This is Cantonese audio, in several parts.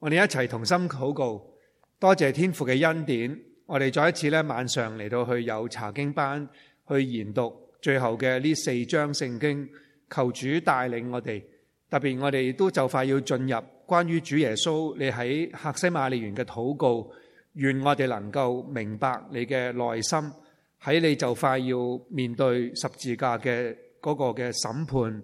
我哋一齊同心禱告，多謝天父嘅恩典。我哋再一次咧，晚上嚟到去有查經班去研讀最後嘅呢四章聖經，求主帶領我哋。特別我哋都就快要進入關於主耶穌你喺客西馬尼園嘅禱告，願我哋能夠明白你嘅內心喺你就快要面對十字架嘅嗰個嘅審判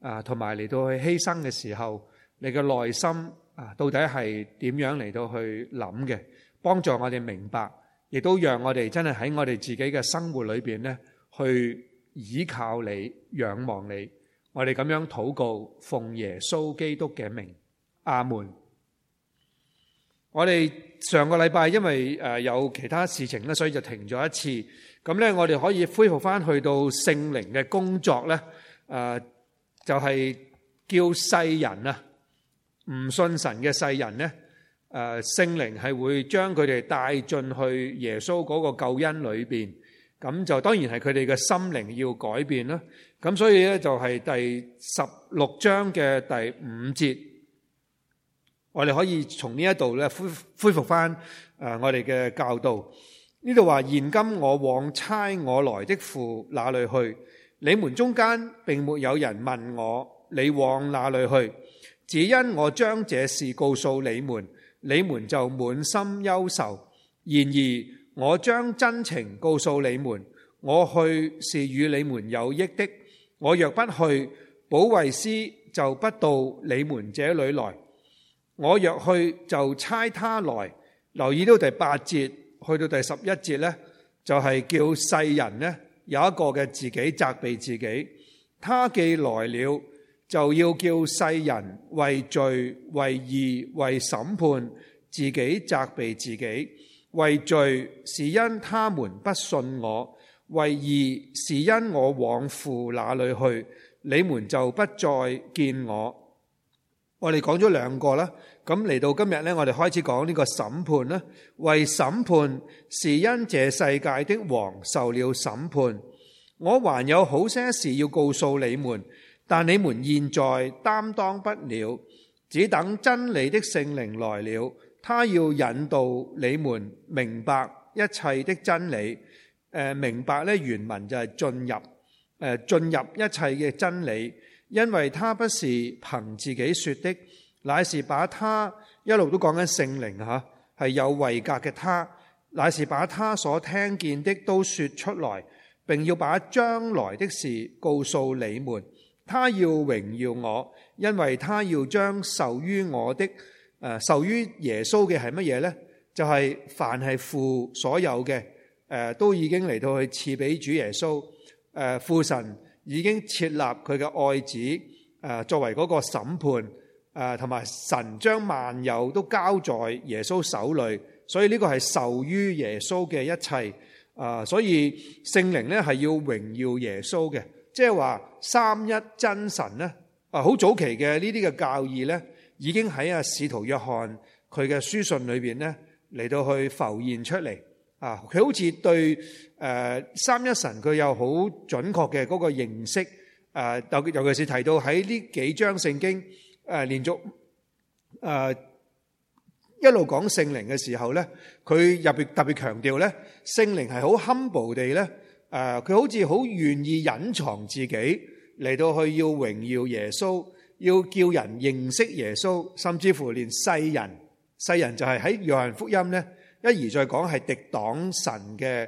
啊，同埋嚟到去犧牲嘅時候，你嘅內心。啊，到底係點樣嚟到去諗嘅？幫助我哋明白，亦都讓我哋真係喺我哋自己嘅生活裏邊咧，去倚靠你、仰望你。我哋咁樣禱告，奉耶穌基督嘅名，阿門。我哋上個禮拜因為誒有其他事情咧，所以就停咗一次。咁呢，我哋可以恢復翻去到聖靈嘅工作呢，誒，就係叫世人啊。唔信神嘅世人呢，誒，聖靈係會將佢哋帶進去耶穌嗰個救恩裏邊，咁就當然係佢哋嘅心靈要改變啦。咁所以咧，就係第十六章嘅第五節，我哋可以從呢一度咧恢恢復翻誒我哋嘅教導。呢度話，現今我往差我來的父那裏去，你們中間並沒有人問我，你往哪裏去？只因我將這事告訴你們，你們就滿心憂愁；然而我將真情告訴你們，我去是與你們有益的。我若不去，保惠師就不到你們這裏來；我若去，就差他來。留意到第八節，去到第十一節呢，就係、是、叫世人呢有一個嘅自己責備自己。他既來了。就要叫世人為罪、為義、為審判，自己責備自己。為罪是因他們不信我；為義是因我往父那裏去，你們就不再見我。我哋講咗兩個啦，咁嚟到今日咧，我哋開始講呢個審判啦。為審判是因這世界的王受了審判，我還有好些事要告訴你們。但你們現在擔當不了，只等真理的聖靈來了，他要引導你們明白一切的真理。誒、呃，明白咧原文就係進入，誒、呃、進入一切嘅真理，因為他不是憑自己說的，乃是把他一路都講緊聖靈吓，係有位格嘅他，乃是把他所聽見的都說出來，並要把將來的事告訴你們。他要榮耀我，因為他要將受於我的誒受於耶穌嘅係乜嘢呢？就係、是、凡係父所有嘅誒都已經嚟到去賜俾主耶穌。誒父神已經設立佢嘅愛子誒作為嗰個審判誒，同埋神將萬有都交在耶穌手裏。所以呢個係受於耶穌嘅一切。啊，所以聖靈呢係要榮耀耶穌嘅。即係話三一真神咧，啊，好早期嘅呢啲嘅教義咧，已經喺啊使徒約翰佢嘅書信裏邊咧，嚟到去浮現出嚟啊！佢好似對誒三一神佢有好準確嘅嗰個認識，尤尤其是提到喺呢幾章聖經誒連續誒一路講聖靈嘅時候咧，佢特別特別強調咧，聖靈係好 humble 地咧。誒，佢好似好願意隱藏自己嚟到去要榮耀耶穌，要叫人認識耶穌，甚至乎連世人，世人就係喺約翰福音咧，一而再講係敵擋神嘅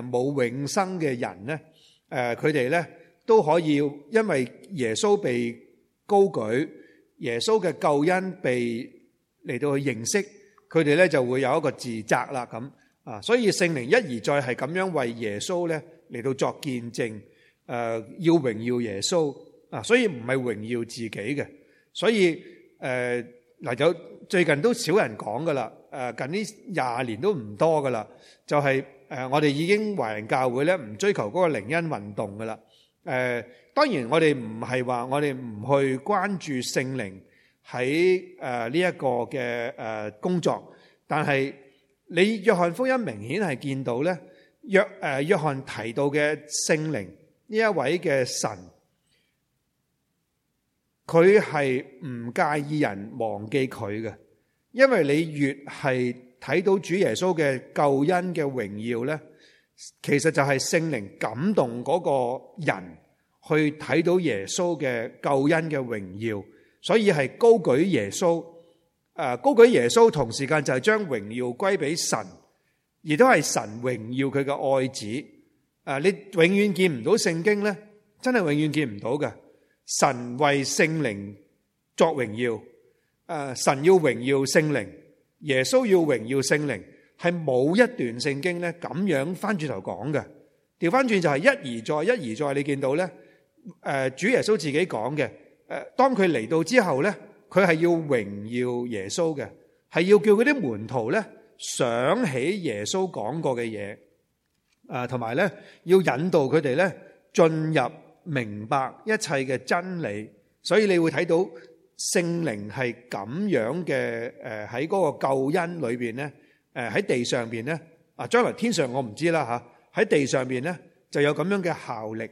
誒，冇永生嘅人咧，誒，佢哋咧都可以因為耶穌被高舉，耶穌嘅救恩被嚟到去認識，佢哋咧就會有一個自責啦咁。啊，所以聖靈一而再係咁樣為耶穌咧，嚟到作見證，誒，要榮耀耶穌啊，所以唔係榮耀自己嘅，所以誒嗱有最近都少人講噶啦，誒近呢廿年都唔多噶啦，就係誒我哋已經華人教會咧唔追求嗰個靈恩運動噶啦，誒當然我哋唔係話我哋唔去關注聖靈喺誒呢一個嘅誒工作，但係。你約翰福音明顯係見到咧，約誒約翰提到嘅聖靈呢一位嘅神，佢係唔介意人忘記佢嘅，因為你越係睇到主耶穌嘅救恩嘅榮耀咧，其實就係聖靈感動嗰個人去睇到耶穌嘅救恩嘅榮耀，所以係高舉耶穌。誒，高舉耶穌，同時間就係將榮耀歸俾神，亦都係神榮耀佢嘅愛子。誒，你永遠見唔到聖經咧，真係永遠見唔到嘅。神為聖靈作榮耀，誒，神要榮耀聖靈，耶穌要榮耀聖靈，係冇一段聖經咧咁樣翻轉頭講嘅。調翻轉就係一而再，一而再，你見到咧，誒，主耶穌自己講嘅，誒，當佢嚟到之後咧。佢係要榮耀耶穌嘅，係要叫嗰啲門徒咧想起耶穌講過嘅嘢，啊，同埋咧要引導佢哋咧進入明白一切嘅真理。所以你會睇到聖靈係咁樣嘅，誒喺嗰個救恩裏邊咧，誒喺地上邊咧啊，將來天上我唔知啦，吓，喺地上邊咧就有咁樣嘅效力，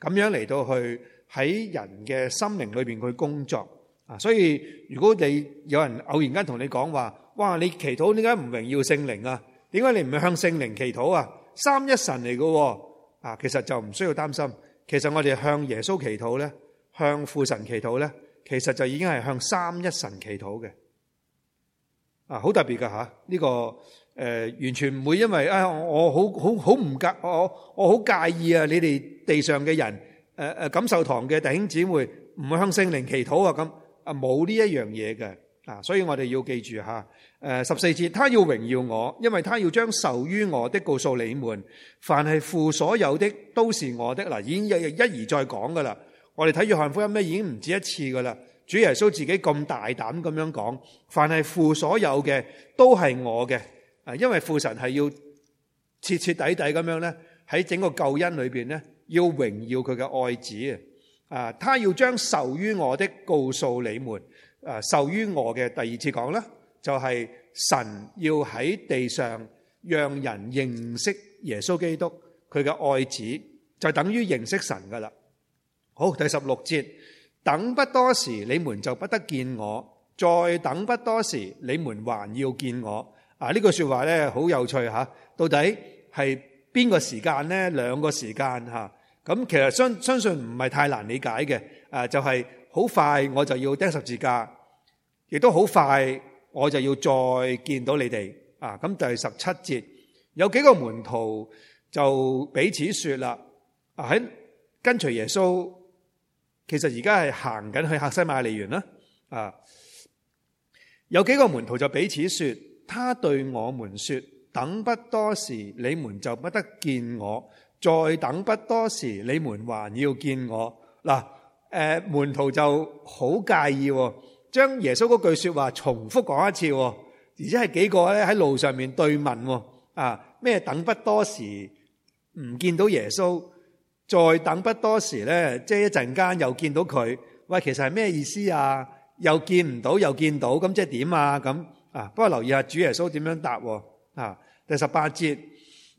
咁樣嚟到去喺人嘅心靈裏邊去工作。啊，所以如果你有人偶然間同你講話，哇！你祈禱點解唔榮耀聖靈啊？點解你唔向聖靈祈禱啊？三一神嚟噶，啊，其實就唔需要擔心。其實我哋向耶穌祈禱咧，向父神祈禱咧，其實就已經係向三一神祈禱嘅。啊，好特別噶吓，呢個誒、呃、完全唔會因為啊，我好好好唔介，我我好介意啊！你哋地上嘅人，誒誒，感受堂嘅弟兄姊妹唔會向聖靈祈禱啊咁。啊，冇呢一樣嘢嘅，啊，所以我哋要記住嚇，誒十四節，他要榮耀我，因為他要將受於我的告訴你們，凡係父所有的都是我的。已經一而再講噶啦，我哋睇住約翰福音咧已經唔止一次噶啦，主耶穌自己咁大膽咁樣講，凡係父所有嘅都係我嘅，啊，因為父神係要徹徹底底咁樣咧，喺整個救恩裏面咧，要榮耀佢嘅愛子。啊！他要將受於我的告訴你們，啊，受於我嘅第二次講啦，就係神要喺地上讓人認識耶穌基督，佢嘅愛子就等於認識神噶啦。好，第十六節，等不多時，你們就不得見我；再等不多時，你們還要見我。啊，呢句說話咧好有趣吓，到底係邊個時間呢？兩個時間吓。咁其實相相信唔係太難理解嘅，誒，就係、是、好快我就要釘十字架，亦都好快我就要再見到你哋，啊，咁第十七節，有幾個門徒就彼此說啦，啊喺跟隨耶穌，其實而家係行緊去客西馬利園啦，啊，有幾個門徒就彼此說，他對我們說，等不多時，你們就不得見我。再等不多時，你們還要見我。嗱，誒，門徒就好介意，將耶穌嗰句說話重複講一次，而且係幾個咧喺路上面對問，啊咩等不多時唔見到耶穌，再等不多時咧，即係一陣間又見到佢。喂，其實係咩意思啊？又見唔到又見到，咁即係點啊？咁啊，不過留意下主耶穌點樣答，啊，第十八節。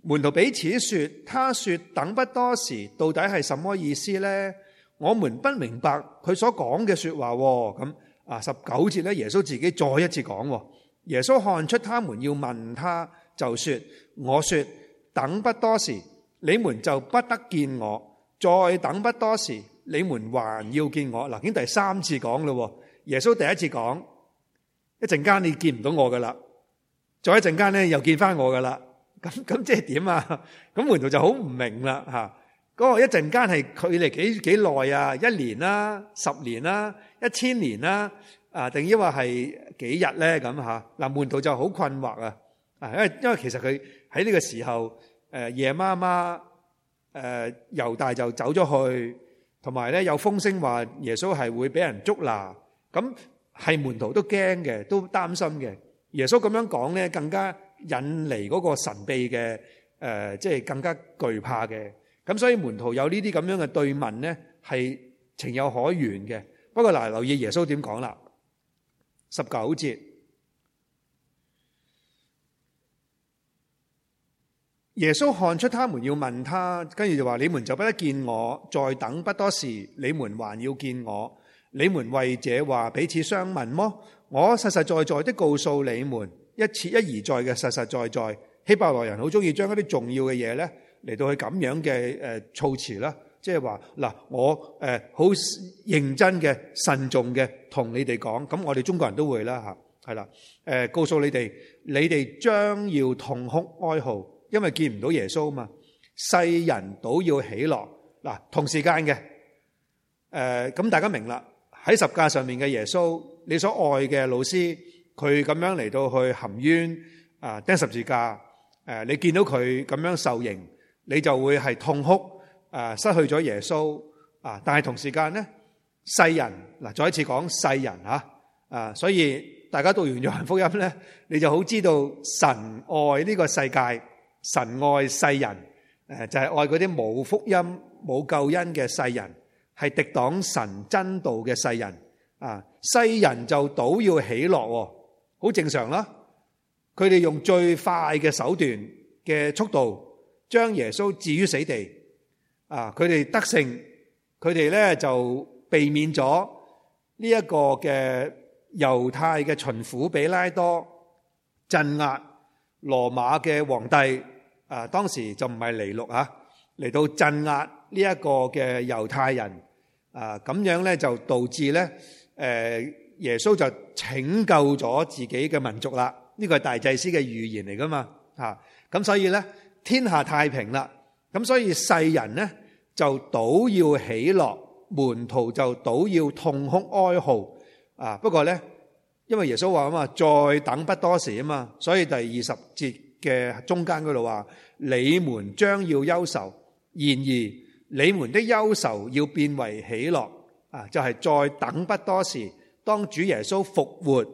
門徒彼此說：他說等不多時，到底係什麼意思呢？我們不明白佢所講嘅說話。咁啊，十九節咧，耶穌自己再一次講：耶穌看出他們要問他，就說：我說等不多時，你們就不得見我；再等不多時，你們還要見我。嗱，已經第三次講喇喎。耶穌第一次講，一陣間你見唔到我噶啦，再一陣間咧又見翻我噶啦。咁咁即係點啊？咁門徒就好唔明啦吓。嗰個一陣間係距離幾幾耐啊？一年啦、十年啦、一千年啦，啊，定抑或係幾日咧？咁吓，嗱，門徒就好困惑啊。啊，因為因為其實佢喺呢個時候，誒，夜媽媽，誒，猶大就走咗去，同埋咧有風聲話耶穌係會俾人捉拿，咁係門徒都驚嘅，都擔心嘅。耶穌咁樣講咧，更加。引嚟嗰個神秘嘅，誒、呃，即係更加懼怕嘅。咁所以門徒有呢啲咁樣嘅對問呢，係情有可原嘅。不過嗱，留意耶穌點講啦，十九節，耶穌看出他們要問他，跟住就話：你們就不得見我，再等不多時，你們還要見我。你們為這話彼此相問麼？我實實在在的告訴你們。一次一而再嘅實實在在，希伯來人好中意將一啲重要嘅嘢咧，嚟到去咁樣嘅誒措辭啦，即係話嗱，我誒好認真嘅慎重嘅同你哋講，咁我哋中國人都會啦吓，係啦誒，告訴你哋，你哋將要痛哭哀號，因為見唔到耶穌啊嘛，世人都要喜樂嗱，同時間嘅誒，咁大家明啦，喺十架上面嘅耶穌，你所愛嘅老師。佢咁樣嚟到去含冤啊，釘十字架，誒你見到佢咁樣受刑，你就會係痛哭，誒失去咗耶穌啊！但係同時間咧，世人嗱再一次講世人吓，啊所以大家讀完約翰福音咧，你就好知道神愛呢個世界，神愛世人，誒就係愛嗰啲冇福音冇救恩嘅世人，係敵擋神真道嘅世人啊！世人就倒要喜樂。好正常啦，佢哋用最快嘅手段嘅速度，將耶穌置於死地。啊，佢哋得勝，佢哋咧就避免咗呢一個嘅猶太嘅巡撫比拉多鎮壓羅馬嘅皇帝。啊，當時就唔係尼祿啊，嚟到鎮壓呢一個嘅猶太人。啊，咁樣咧就導致咧，誒。耶穌就拯救咗自己嘅民族啦，呢個係大祭司嘅預言嚟噶嘛？吓，咁所以咧天下太平啦，咁所以世人呢，就倒要喜樂，門徒就倒要痛哭哀嚎啊，不過咧，因為耶穌話咁嘛，「再等不多時」啊嘛，所以第二十節嘅中間嗰度話：你們將要憂愁，然而你們的憂愁要變為喜樂。啊，就係再等不多時。當主耶穌復活，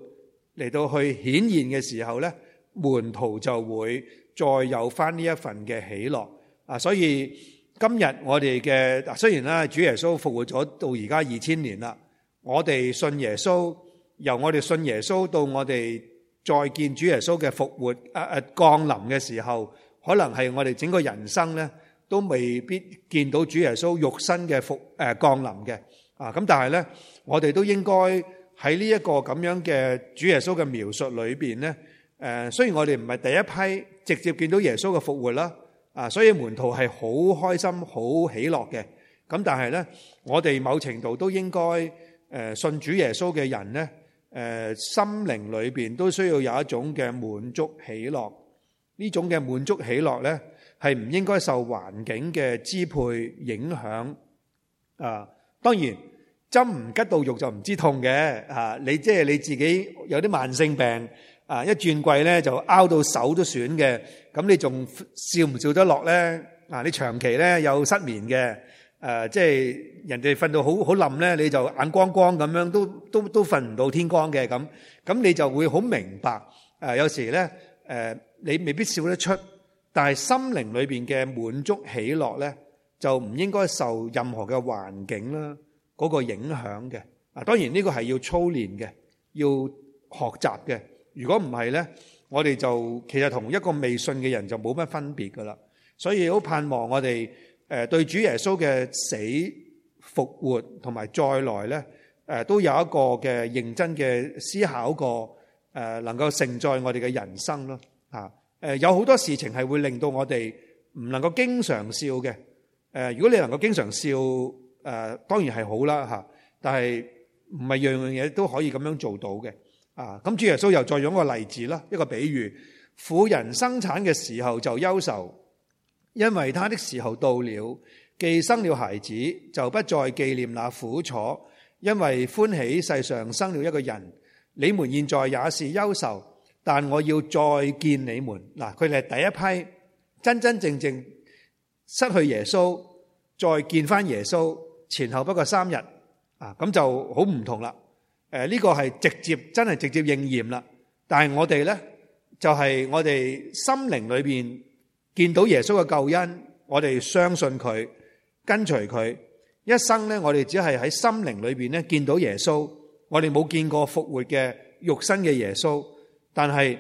嚟到去顯現的時候呢，門徒就會再有返呢一份嘅喜樂。所以，今日我哋嘅，雖然呢，主耶穌復活咗到而家二千年啦，我哋信耶穌，由我哋信耶穌到我哋再見主耶穌嘅復活，呃，降臨嘅時候，可能係我哋整個人生呢，都未必見到主耶穌肉身嘅降臨嘅。咁但係呢，我哋都應該，喺呢一個咁樣嘅主耶穌嘅描述裏邊咧，誒，雖然我哋唔係第一批直接見到耶穌嘅復活啦，啊，所以門徒係好開心好喜樂嘅。咁但係咧，我哋某程度都應該，誒，信主耶穌嘅人咧，誒，心靈裏邊都需要有一種嘅滿足喜樂。呢種嘅滿足喜樂咧，係唔應該受環境嘅支配影響。啊，當然。針唔吉到肉就唔知痛嘅，啊！你即係你自己有啲慢性病，啊！一轉季咧就拗到手都損嘅，咁你仲笑唔笑得落咧？啊！你長期咧有失眠嘅，誒，即係人哋瞓到好好冧咧，你就眼光光咁樣，都都都瞓唔到天光嘅咁，咁你就會好明白，誒，有時咧，誒，你未必笑得出，但係心靈裏邊嘅滿足喜樂咧，就唔應該受任何嘅環境啦。嗰個影響嘅啊，當然呢個係要操練嘅，要學習嘅。如果唔係呢，我哋就其實同一個未信嘅人就冇乜分別噶啦。所以好盼望我哋誒對主耶穌嘅死復活同埋再來呢，誒，都有一個嘅認真嘅思考過誒，能夠承載我哋嘅人生咯。誒，有好多事情係會令到我哋唔能夠經常笑嘅。誒，如果你能夠經常笑。誒，當然係好啦吓，但係唔係樣樣嘢都可以咁樣做到嘅啊！咁主耶穌又再用個例子啦，一個比喻：婦人生產嘅時候就憂愁，因為他的時候到了，既生了孩子，就不再紀念那苦楚，因為歡喜世上生了一個人。你們現在也是憂愁，但我要再見你們嗱，佢哋第一批真真正正失去耶穌，再見翻耶穌。前後不過三日，啊咁就好唔同啦。誒，呢個係直接真係直接應驗啦。但係我哋呢，就係我哋心靈裏邊見到耶穌嘅救恩，我哋相信佢，跟隨佢。一生呢，我哋只係喺心靈裏邊呢見到耶穌，我哋冇見過復活嘅肉身嘅耶穌。但係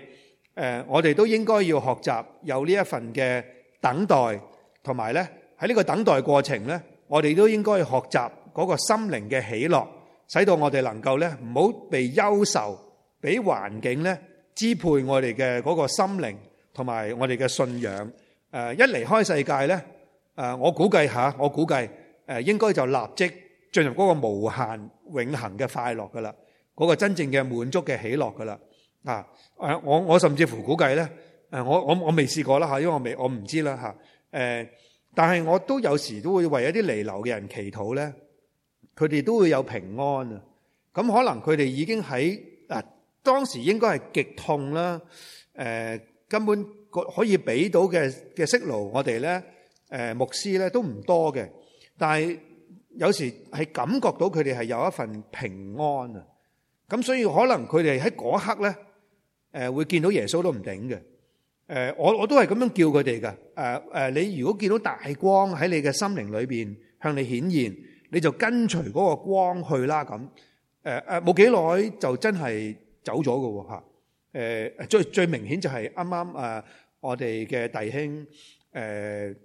誒，我哋都應該要學習有呢一份嘅等待，同埋呢喺呢個等待過程呢。我哋都應該學習嗰個心靈嘅喜樂，使到我哋能夠咧唔好被憂愁、俾環境咧支配我哋嘅嗰個心靈同埋我哋嘅信仰。誒，一離開世界咧，誒，我估計吓，我估計誒，應該就立即進入嗰個無限永恆嘅快樂噶啦，嗰、嗰個真正嘅滿足嘅喜樂噶啦。啊，誒，我我甚至乎估計咧，誒，我我我未試過啦吓，因為我未我唔知啦吓，誒、啊。但係我都有時都會為一啲彌留嘅人祈禱咧，佢哋都會有平安啊！咁可能佢哋已經喺啊當時應該係極痛啦，誒根本個可以俾到嘅嘅息勞，我哋咧誒牧師咧都唔多嘅，但係有時係感覺到佢哋係有一份平安啊！咁所以可能佢哋喺嗰一刻咧誒會見到耶穌都唔頂嘅。誒，我我都係咁樣叫佢哋噶。誒誒，你如果見到大光喺你嘅心靈裏邊向你顯現，你就跟隨嗰個光去啦。咁，誒誒，冇幾耐就真係走咗噶吓。誒，最最明顯就係啱啱誒我哋嘅弟兄誒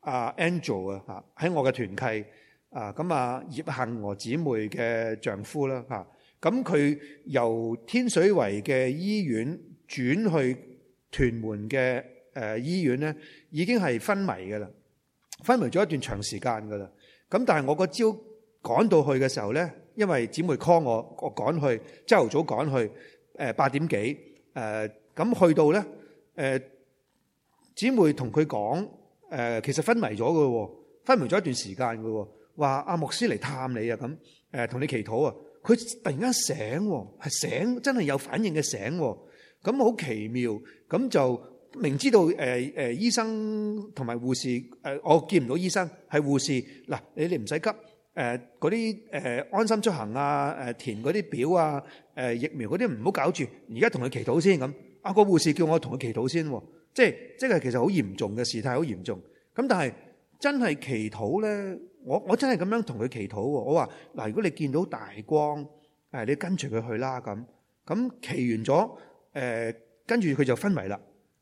阿 Angel 啊吓，喺我嘅團契啊咁啊葉幸娥姊妹嘅丈夫啦吓，咁佢由天水圍嘅醫院轉去。屯門嘅誒醫院咧，已經係昏迷㗎啦，昏迷咗一段長時間㗎啦。咁但係我個朝趕到去嘅時候咧，因為姊妹 call 我，我趕去，朝頭早趕去，誒八點幾誒，咁、呃、去到咧，誒、呃、姊妹同佢講誒，其實昏迷咗嘅喎，昏迷咗一段時間嘅喎，話阿牧師嚟探你啊咁，同、呃、你祈禱啊，佢突然間醒，喎，醒，真係有反應嘅醒。咁好奇妙，咁就明知道誒誒、呃呃、醫生同埋護士誒、呃，我見唔到醫生係護士嗱，你哋唔使急誒嗰啲誒安心出行啊、呃、填嗰啲表啊、呃、疫苗嗰啲唔好搞住，而家同佢祈禱先咁啊、嗰個護士叫我同佢祈禱先，即係即係其實好嚴重嘅事態，好嚴重。咁但係真係祈禱咧，我我真係咁樣同佢祈禱，我話嗱如果你見到大光、呃、你跟住佢去啦咁，咁祈完咗。誒、呃，跟住佢就昏迷啦。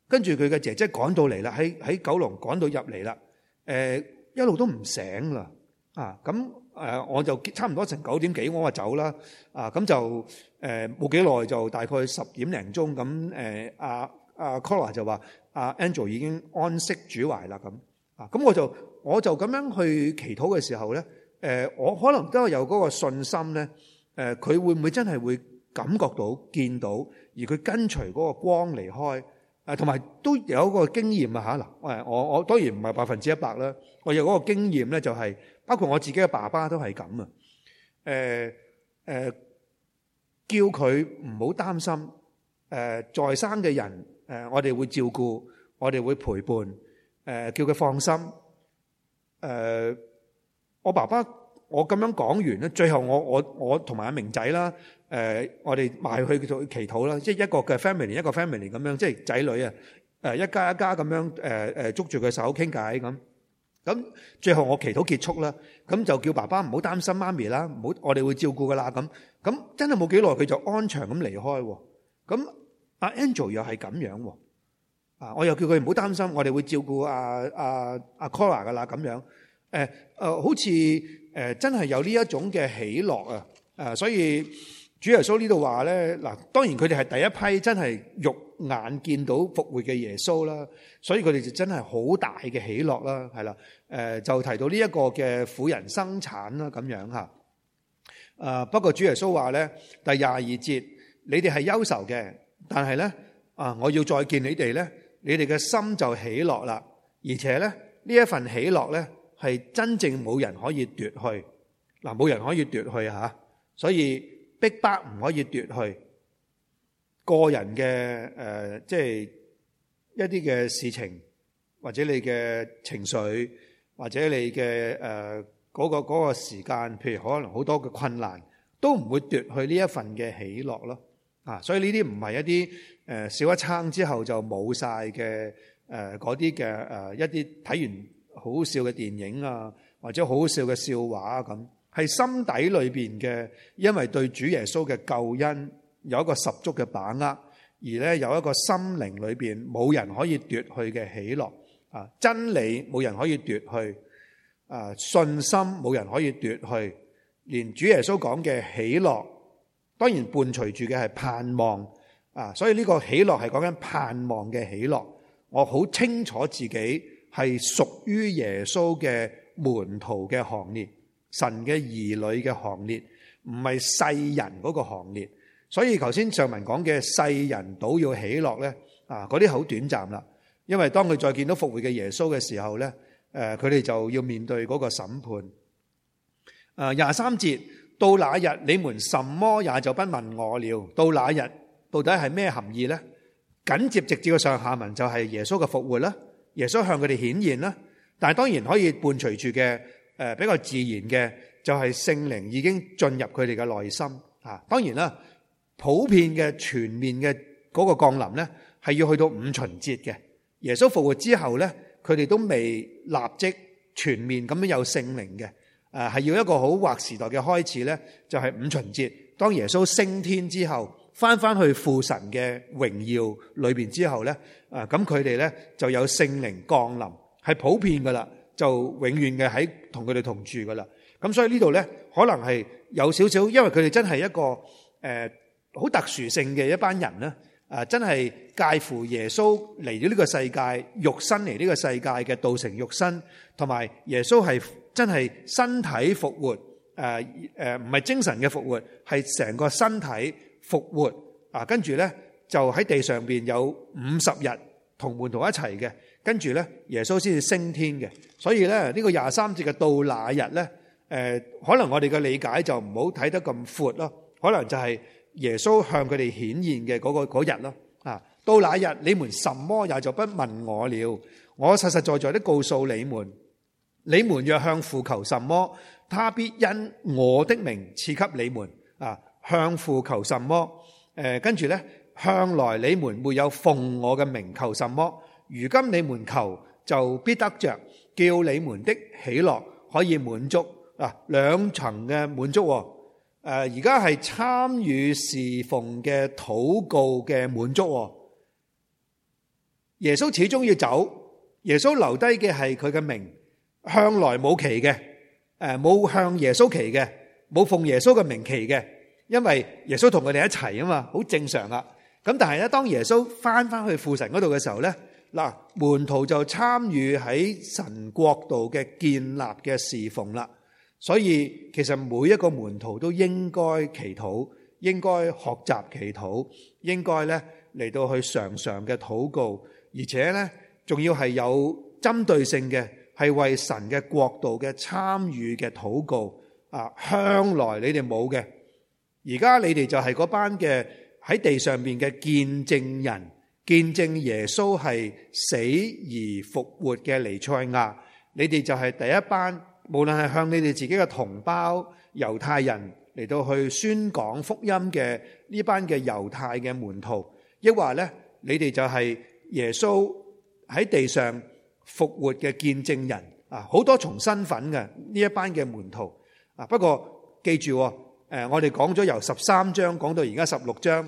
跟住佢嘅姐姐趕到嚟啦，喺喺九龍趕到入嚟啦。誒、呃，一路都唔醒啦。啊，咁、嗯、誒、呃，我就差唔多成九點幾，我就走啦。啊，咁、嗯、就誒冇幾耐，呃、就大概十點零鐘。咁、嗯、誒，阿、啊、阿、啊、Kola 就話，阿、啊、Angel 已經安息主懷啦。咁、嗯、啊，咁、嗯、我就我就咁樣去祈禱嘅時候咧，誒、呃，我可能都有嗰個信心咧，誒、呃，佢會唔會真係會？感覺到、見到，而佢跟隨嗰個光離開，同埋都有一個經驗啊吓，嗱，我我當然唔係百分之一百啦，我有嗰個經驗咧、就係，就係包括我自己嘅爸爸都係咁啊，誒、呃、誒、呃，叫佢唔好擔心，誒、呃，在生嘅人，誒、呃，我哋會照顧，我哋會陪伴，誒、呃，叫佢放心，誒、呃，我爸爸。我咁樣講完咧，最後我我我同埋阿明仔啦，誒、呃，我哋埋去祈禱啦，即係一個嘅 family 一個 family 咁樣，即係仔女啊，一家一家咁樣誒、呃、捉住佢手傾偈咁。咁最後我祈禱結束啦，咁就叫爸爸唔好擔心媽咪啦，唔好我哋會照顧噶啦咁。咁真係冇幾耐佢就安詳咁離開。咁阿 Angel 又係咁樣，啊，我又叫佢唔好擔心，我哋會照顧阿阿阿 Kora 噶啦咁樣。誒、呃，好似。誒，真係有呢一種嘅喜樂啊！誒，所以主耶穌呢度話咧，嗱，當然佢哋係第一批真係肉眼見到復活嘅耶穌啦、啊，所以佢哋就真係好大嘅喜樂啦，係啦，誒，就提到呢一個嘅婦人生產啦，咁樣吓，誒，不過主耶穌話咧，第廿二節，你哋係憂愁嘅，但係咧，啊，我要再見你哋咧，你哋嘅心就喜樂啦，而且咧，呢一份喜樂咧，係真正冇人可以奪去，嗱，冇人可以奪去吓，所以逼不唔可以奪去個人嘅誒，即、呃、係、就是、一啲嘅事情，或者你嘅情緒，或者你嘅誒嗰個嗰、那個時間，譬如可能好多嘅困難，都唔會奪去呢一份嘅喜樂咯。啊、呃，所以呢啲唔係一啲誒笑一餐之後就冇晒嘅誒嗰啲嘅誒一啲睇完好笑嘅電影啊，或者好笑嘅笑話啊，咁，係心底裏邊嘅，因為對主耶穌嘅救恩有一個十足嘅把握，而咧有一個心靈裏邊冇人可以奪去嘅喜樂啊，真理冇人可以奪去，啊信心冇人可以奪去，連主耶穌講嘅喜樂，當然伴隨住嘅係盼望啊，所以呢個喜樂係講緊盼望嘅喜樂，我好清楚自己。係屬於耶穌嘅門徒嘅行列，神嘅兒女嘅行列，唔係世人嗰個行列。所以頭先上文講嘅世人，倒要起落咧，啊嗰啲好短暫啦。因為當佢再見到復活嘅耶穌嘅時候咧，誒佢哋就要面對嗰個審判。誒廿三節，到那日你們什麼也就不問我了。到那日到底係咩含義咧？緊接直接嘅上下文就係耶穌嘅復活啦。耶穌向佢哋顯現啦，但係當然可以伴隨住嘅，誒、呃、比較自然嘅就係、是、聖靈已經進入佢哋嘅內心啊。當然啦，普遍嘅全面嘅嗰個降臨咧，係要去到五旬節嘅。耶穌復活之後咧，佢哋都未立即全面咁樣有聖靈嘅，誒、啊、係要一個好劃時代嘅開始咧，就係、是、五旬節。當耶穌升天之後。翻翻去父神嘅榮耀裏邊之後咧，啊咁佢哋咧就有聖靈降臨，係普遍噶啦，就永遠嘅喺同佢哋同住噶啦。咁所以呢度咧，可能係有少少，因為佢哋真係一個誒好特殊性嘅一班人啦。啊，真係介乎耶穌嚟咗呢個世界，肉身嚟呢個世界嘅道成肉身，同埋耶穌係真係身體復活，誒誒唔係精神嘅復活，係成個身體。復活啊，跟住咧就喺地上邊有五十日同門徒一齊嘅，跟住咧耶穌先至升天嘅。所以咧呢個廿三節嘅到那日咧，誒可能我哋嘅理解就唔好睇得咁闊咯，可能就係耶穌向佢哋顯現嘅嗰個嗰日咯。啊，到那日你們什麼也就不問我了，我實實在在地告訴你們，你們若向父求什麼，他必因我的名賜給你們啊。向父求什麼？誒，跟住咧，向來你們沒有奉我嘅名求什麼？如今你們求，就必得着，叫你們的喜樂可以滿足。嗱，兩層嘅滿足喎。誒，而家係參與侍奉嘅禱告嘅滿足喎。耶穌始終要走，耶穌留低嘅係佢嘅名，向來冇期嘅，誒，冇向耶穌期嘅，冇奉耶穌嘅名期嘅。因為耶穌同佢哋一齊啊嘛，好正常啦。咁但係咧，當耶穌翻翻去父神嗰度嘅時候咧，嗱，門徒就參與喺神國度嘅建立嘅侍奉啦。所以其實每一個門徒都應該祈禱，應該學習祈禱，應該咧嚟到去常常嘅禱告，而且咧仲要係有針對性嘅，係為神嘅國度嘅參與嘅禱告啊，向來你哋冇嘅。而家你哋就係嗰班嘅，喺地上邊嘅見證人，見證耶穌係死而復活嘅尼賽亞。你哋就係第一班，無論係向你哋自己嘅同胞猶太人嚟到去宣講福音嘅呢班嘅猶太嘅門徒，抑或呢，你哋就係耶穌喺地上復活嘅見證人啊，好多重身份嘅呢一班嘅門徒啊。不過記住。誒，我哋講咗由十三章講到而家十六章，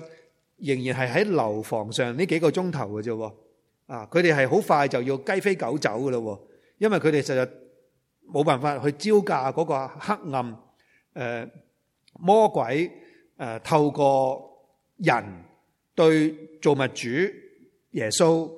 仍然係喺樓房上呢幾個鐘頭嘅啫喎。啊，佢哋係好快就要雞飛狗走嘅嘞喎，因為佢哋實實冇辦法去招架嗰個黑暗誒魔鬼誒透過人對造物主耶穌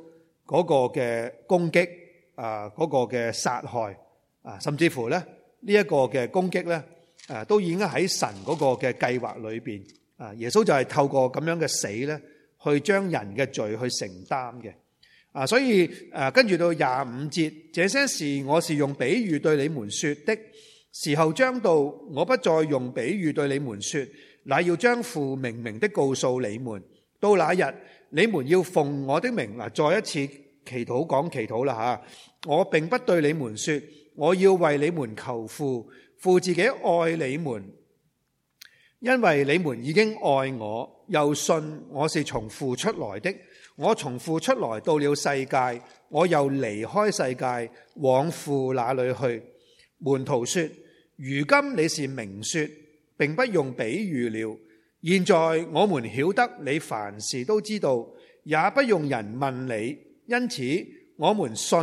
嗰個嘅攻擊啊，嗰個嘅殺害啊，甚至乎咧呢一個嘅攻擊咧。誒，都已經喺神嗰個嘅計劃裏邊，啊，耶穌就係透過咁樣嘅死咧，去將人嘅罪去承擔嘅，啊，所以誒，跟住到廿五節，這些事我是用比喻對你們說的，時候將到，我不再用比喻對你們說，乃要將父明明的告訴你們，到那日，你們要奉我的名，嗱，再一次祈禱講祈禱啦吓，我並不對你們說，我要為你們求父。父自己愛你們，因為你們已經愛我，又信我是從父出來的。我從父出來到了世界，我又離開世界往父那裏去。門徒說：如今你是明說，並不用比喻了。現在我們曉得你凡事都知道，也不用人問你，因此我們信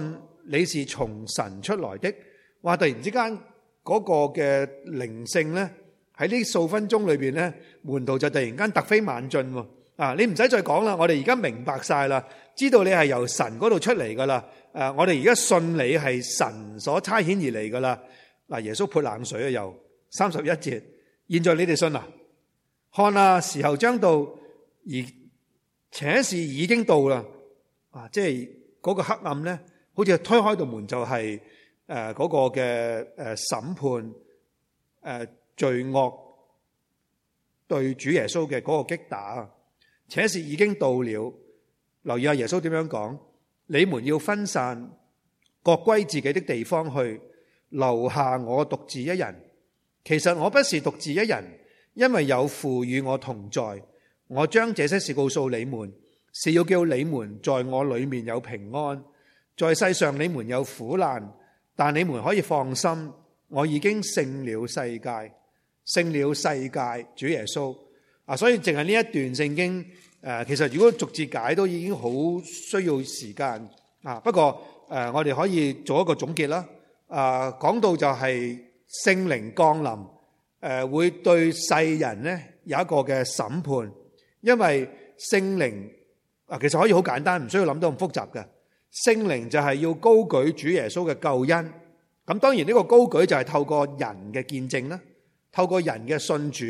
你是從神出來的。話突然之間。嗰個嘅靈性咧，喺呢數分鐘裏面咧，門徒就突然間突飛猛進喎！啊，你唔使再講啦，我哋而家明白晒啦，知道你係由神嗰度出嚟噶啦。誒，我哋而家信你係神所差遣而嚟噶啦。嗱，耶穌潑冷水啊，又三十一節。現在你哋信啦？啊，看啊，時候將到而且是已經到啦。啊，即係嗰個黑暗咧，好似推開道門就係、是。誒，嗰個嘅誒，審判，誒罪惡對主耶穌嘅嗰個擊打，且是已經到了。留意下耶穌點樣講：你們要分散，各歸自己的地方去，留下我獨自一人。其實我不是獨自一人，因為有父與我同在。我將這些事告訴你們，是要叫你們在我裏面有平安。在世上你們有苦難。但你們可以放心，我已經勝了世界，勝了世界，主耶穌啊！所以淨係呢一段聖經，誒，其實如果逐字解都已經好需要時間啊。不過誒，我哋可以做一個總結啦。啊，講到就係聖靈降臨，誒，會對世人呢有一個嘅審判，因為聖靈啊，其實可以好簡單，唔需要諗到咁複雜嘅。聖靈就係要高舉主耶穌嘅救恩，咁當然呢個高舉就係透過人嘅見證啦，透過人嘅信主，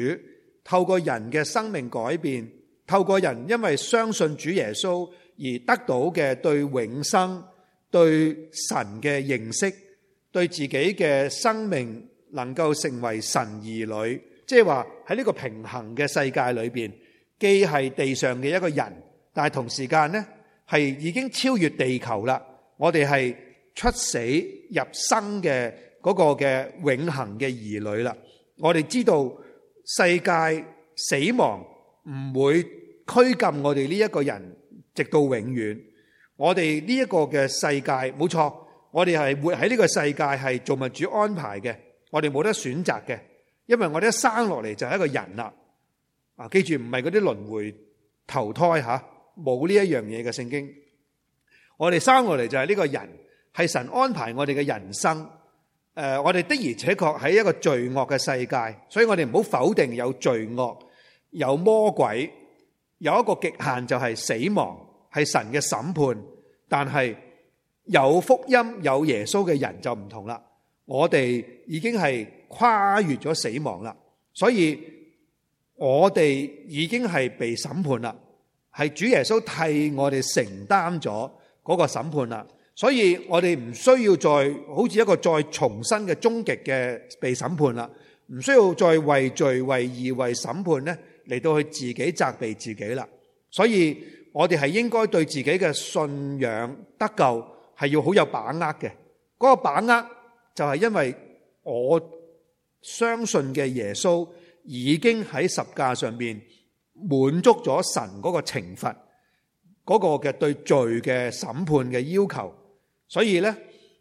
透過人嘅生命改變，透過人因為相信主耶穌而得到嘅對永生、對神嘅認識、對自己嘅生命能夠成為神兒女，即係話喺呢個平衡嘅世界裏邊，既係地上嘅一個人，但係同時間呢。係已經超越地球啦！我哋係出死入生嘅嗰個嘅永恆嘅兒女啦！我哋知道世界死亡唔會拘禁我哋呢一個人直到永遠。我哋呢一個嘅世界，冇錯，我哋係活喺呢個世界係造物主安排嘅，我哋冇得選擇嘅，因為我哋一生落嚟就係一個人啦。啊，記住唔係嗰啲輪回投胎吓。冇呢一樣嘢嘅聖經，我哋三個嚟，就係呢個人係神安排我哋嘅人生。誒，我哋的而且確喺一個罪惡嘅世界，所以我哋唔好否定有罪惡、有魔鬼，有一個極限就係死亡，係神嘅審判。但係有福音、有耶穌嘅人就唔同啦，我哋已經係跨越咗死亡啦，所以我哋已經係被審判啦。係主耶穌替我哋承擔咗嗰個審判啦，所以我哋唔需要再好似一個再重新嘅終極嘅被審判啦，唔需要再為罪為義為審判咧嚟，到去自己責備自己啦。所以我哋係應該對自己嘅信仰得救係要好有把握嘅。嗰個把握就係因為我相信嘅耶穌已經喺十架上邊，滿足咗神嗰、嗰個懲罰嗰個嘅對罪嘅審判嘅要求，所以咧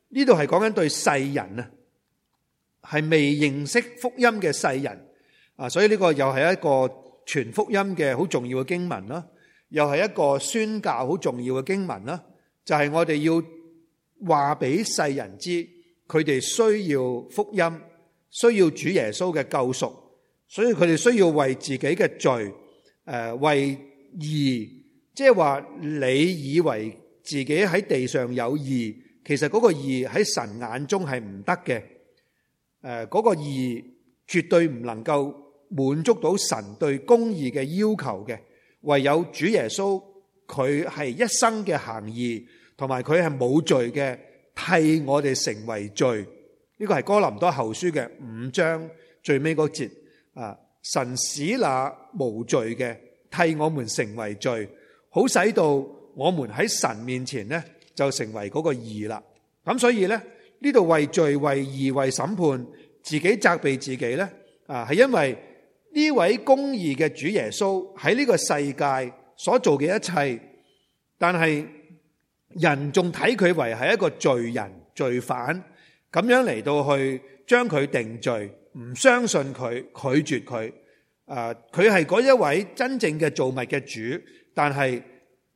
呢度係講緊對世人啊，係未認識福音嘅世人啊，所以呢個又係一個全福音嘅好重要嘅經文啦，又係一個宣教好重要嘅經文啦，就係、是、我哋要話俾世人知，佢哋需要福音，需要主耶穌嘅救贖，所以佢哋需要為自己嘅罪。誒，為義，即係話你以為自己喺地上有義，其實嗰個義喺神眼中係唔得嘅。誒，嗰個義絕對唔能夠滿足到神對公義嘅要求嘅。唯有主耶穌佢係一生嘅行義，同埋佢係冇罪嘅，替我哋成為罪。呢個係哥林多後書嘅五章最尾嗰節啊。神使那無罪嘅替我們成為罪，好使到我們喺神面前呢就成為嗰個義啦。咁所以呢，呢度為罪、為義、為審判自己責備自己呢，啊係因為呢位公義嘅主耶穌喺呢個世界所做嘅一切，但係人仲睇佢為係一個罪人、罪犯，咁樣嚟到去將佢定罪。唔相信佢，拒絕佢。誒，佢係嗰一位真正嘅造物嘅主，但係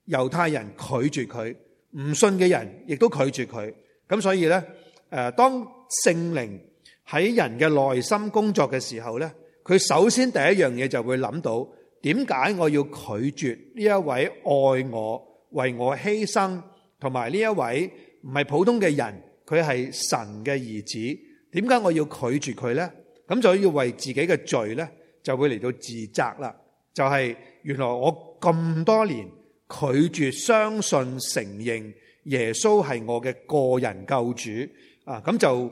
猶太人拒絕佢，唔信嘅人亦都拒絕佢。咁所以呢，誒，當聖靈喺人嘅內心工作嘅時候呢，佢首先第一樣嘢就會諗到，點解我要拒絕呢一位愛我、為我犧牲同埋呢一位唔係普通嘅人，佢係神嘅兒子，點解我要拒絕佢呢？咁就要為自己嘅罪呢,就會嚟到自責啦。就係,原來我咁多年,拒絕相信承認,耶穌係我嘅個人救主。咁,就,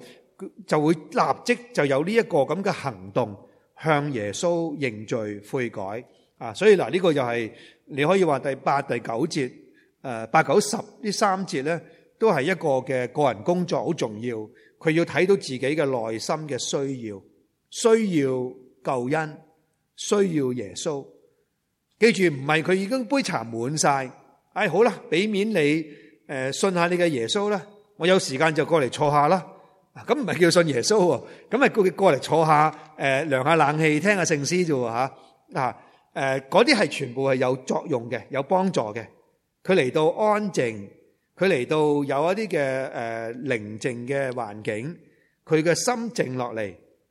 就會立即,就有呢一個咁嘅行動,向耶穌認罪悔改。所以嗱,呢個就係,你可以話第八,第九節,呃,八,九十,呢三節呢,都係一個嘅個人工作好重要。佢要睇到自己嘅內心嘅需要。需要救恩，需要耶穌。記住，唔係佢已經杯茶滿晒，哎好啦，俾面你，誒信下你嘅耶穌啦。我有時間就過嚟坐下啦。咁唔係叫信耶穌喎，咁係叫佢過嚟坐下，誒涼下冷氣，聽下聖詩啫喎吓。啊，誒嗰啲係全部係有作用嘅，有幫助嘅。佢嚟到安靜，佢嚟到有一啲嘅誒寧靜嘅環境，佢嘅心靜落嚟。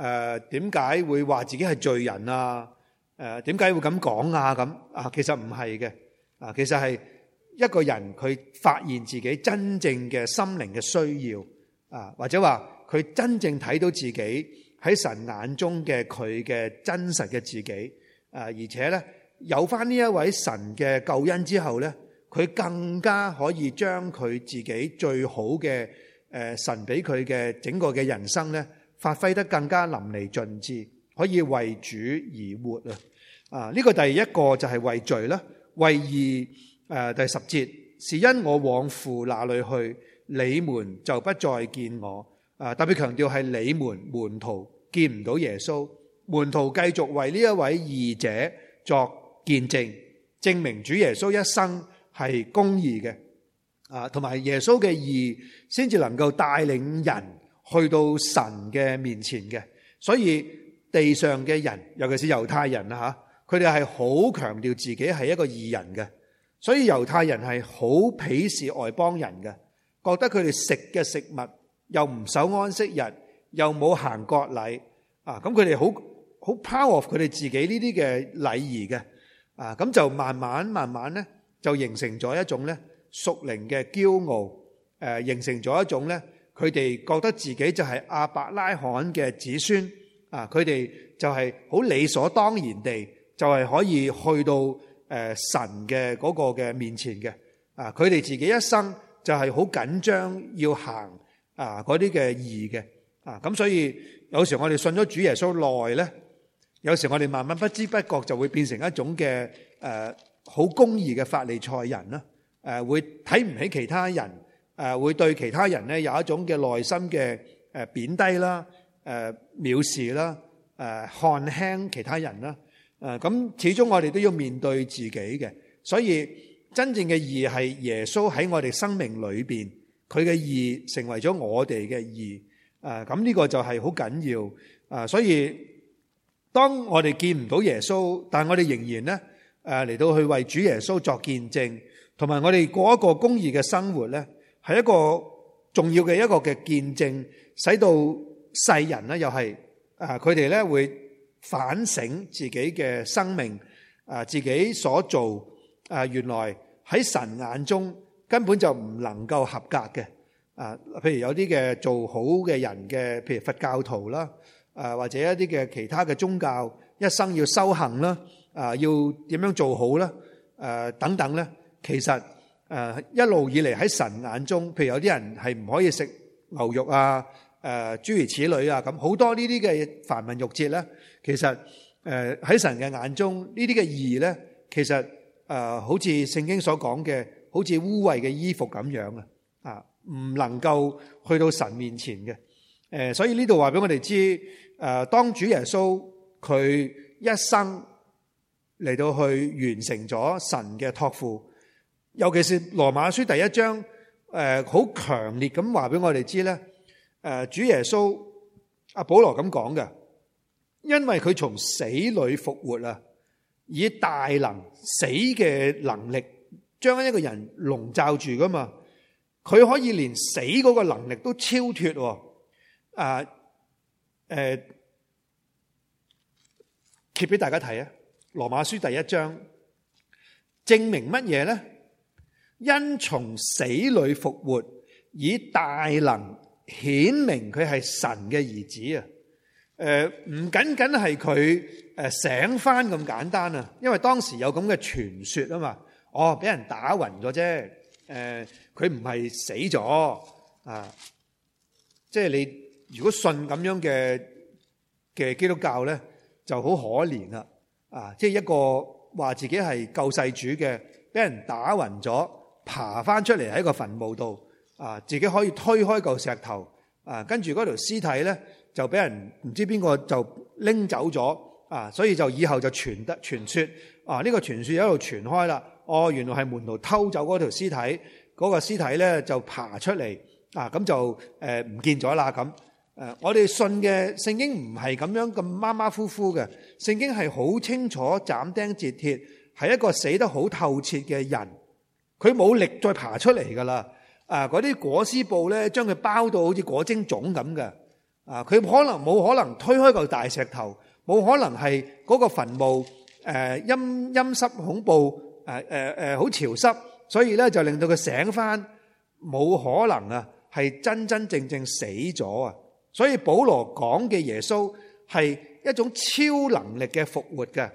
誒，點解、呃、會話自己係罪人啊？誒、呃，點解會咁講啊？咁啊，其實唔係嘅，啊，其實係、啊、一個人佢發現自己真正嘅心靈嘅需要啊，或者話佢真正睇到自己喺神眼中嘅佢嘅真實嘅自己啊，而且咧有翻呢一位神嘅救恩之後咧，佢更加可以將佢自己最好嘅誒、呃、神俾佢嘅整個嘅人生咧。發揮得更加淋漓盡致，可以為主而活啊！啊，呢個第一個就係為罪啦，為義，誒，第十節，是因我往父那裏去，你們就不再見我啊！特別強調係你們門徒見唔到耶穌，門徒繼續為呢一位義者作見證，證明主耶穌一生係公義嘅啊，同埋耶穌嘅義先至能夠帶領人。去到神嘅面前嘅，所以地上嘅人，尤其是猶太人吓，佢哋係好強調自己係一個義人嘅，所以猶太人係好鄙視外邦人嘅，覺得佢哋食嘅食物又唔守安息日，又冇行割禮啊，咁佢哋好好 proud of 佢哋自己呢啲嘅禮儀嘅，啊，咁就慢慢慢慢咧，就形成咗一種咧屬靈嘅驕傲，誒，形成咗一種咧。佢哋覺得自己就係亞伯拉罕嘅子孫啊！佢哋就係好理所當然地就係可以去到誒神嘅嗰個嘅面前嘅啊！佢哋自己一生就係好緊張要行啊嗰啲嘅義嘅啊咁，所以有時我哋信咗主耶穌耐咧，有時我哋慢慢不知不覺就會變成一種嘅誒好公義嘅法利賽人啦，誒會睇唔起其他人。誒會對其他人咧有一種嘅內心嘅誒貶低啦、誒藐視啦、誒看輕其他人啦。誒咁始終我哋都要面對自己嘅，所以真正嘅義係耶穌喺我哋生命裏邊，佢嘅義成為咗我哋嘅義。誒咁呢個就係好緊要啊。誒所以當我哋見唔到耶穌，但係我哋仍然咧誒嚟到去為主耶穌作見證，同埋我哋過一個公義嘅生活咧，係一個重要嘅一個嘅見證，使到世人咧又係誒，佢哋咧會反省自己嘅生命，誒自己所做誒，原來喺神眼中根本就唔能夠合格嘅，誒，譬如有啲嘅做好嘅人嘅，譬如佛教徒啦，誒或者一啲嘅其他嘅宗教，一生要修行啦，誒要點樣做好啦，誒等等咧，其實。誒一路以嚟喺神眼中，譬如有啲人係唔可以食牛肉啊，誒諸如此類啊，咁好多繁呢啲嘅繁文縟節咧，其實誒喺神嘅眼中，呢啲嘅義咧，其實誒、啊、好似聖經所講嘅，好似污穢嘅衣服咁樣啊，啊唔能夠去到神面前嘅，誒所以呢度話俾我哋知，誒當主耶穌佢一生嚟到去完成咗神嘅託付。尤其是羅馬書第一章，誒、呃，好強烈咁話俾我哋知咧，誒、呃，主耶穌阿、啊、保羅咁講嘅，因為佢從死裏復活啦，以大能死嘅能力將一個人籠罩住噶嘛，佢可以連死嗰個能力都超脱，啊，誒、呃，揭俾大家睇啊，羅馬書第一章證明乜嘢咧？因從死裏復活，以大能顯明佢係神嘅兒子啊！誒、呃，唔僅僅係佢誒醒翻咁簡單啊！因為當時有咁嘅傳說啊嘛，哦，俾人打暈咗啫！誒、呃，佢唔係死咗啊！即係你如果信咁樣嘅嘅基督教咧，就好可憐啦！啊，即係一個話自己係救世主嘅，俾人打暈咗。爬翻出嚟喺個墳墓度啊，自己可以推開個石頭啊，跟住嗰條屍體咧就俾人唔知邊個就拎走咗啊，所以就以後就傳得傳說啊，呢、這個傳說一路傳開啦。哦，原來係門徒偷走嗰條屍體，嗰、那個屍體咧就爬出嚟啊，咁就誒唔見咗啦咁。誒，我哋信嘅聖經唔係咁樣咁馬馬虎虎嘅，聖經係好清楚斬釘截鐵，係一個死得好透徹嘅人。佢冇力再爬出嚟噶啦，啊！嗰啲裹屍布咧，將佢包到好似裹蒸粽咁嘅，啊！佢可能冇可能推開個大石頭，冇可能係嗰個墳墓，誒陰陰濕恐怖，誒誒誒好潮濕，所以咧就令到佢醒翻，冇可能啊，係真真正正死咗啊！所以保羅講嘅耶穌係一種超能力嘅復活嘅，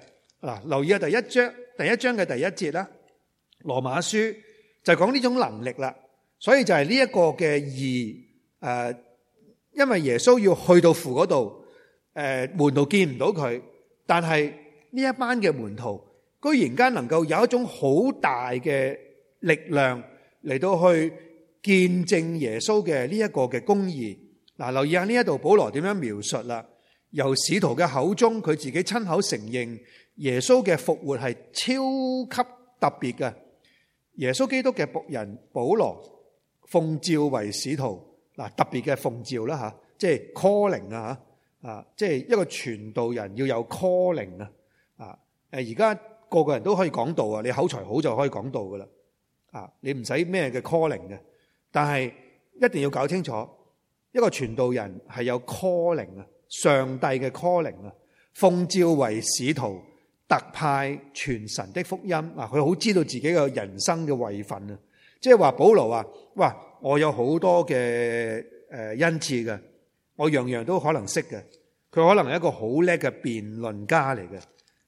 嗱，留意下，第一章第一章嘅第一節啦。羅馬書就講呢種能力啦，所以就係呢一個嘅義誒，因為耶穌要去到父嗰度，誒門徒見唔到佢，但係呢一班嘅門徒居然間能夠有一種好大嘅力量嚟到去見證耶穌嘅呢一個嘅公義。嗱，留意下呢一度保羅點樣描述啦，由使徒嘅口中佢自己親口承認耶穌嘅復活係超級特別嘅。耶穌基督嘅僕人保羅奉召為使徒，嗱，特別嘅奉召啦吓，即係 calling 啊吓，啊即係一個傳道人要有 calling 啊，啊誒而家個個人都可以講道啊，你口才好就可以講道噶啦，啊你唔使咩嘅 calling 嘅，但係一定要搞清楚一個傳道人係有 calling 啊，上帝嘅 calling 啊，奉召為使徒。特派傳神的福音啊！佢好知道自己嘅人生嘅位份啊，即係話保羅話，哇！我有好多嘅誒恩賜嘅，我樣樣都可能識嘅。佢可能係一個好叻嘅辯論家嚟嘅，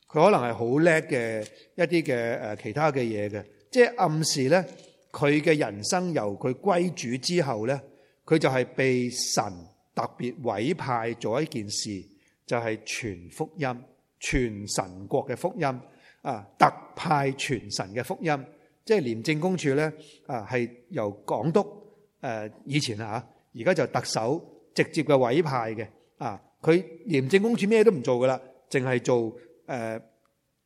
佢可能係好叻嘅一啲嘅誒其他嘅嘢嘅，即係暗示咧佢嘅人生由佢歸主之後咧，佢就係被神特別委派做一件事，就係、是、傳福音。全神國嘅福音啊，特派全神嘅福音，即係廉政公署咧啊，係由港督誒以前啊吓，而家就特首直接嘅委派嘅啊，佢廉政公署咩都唔做噶啦，淨係做誒、呃、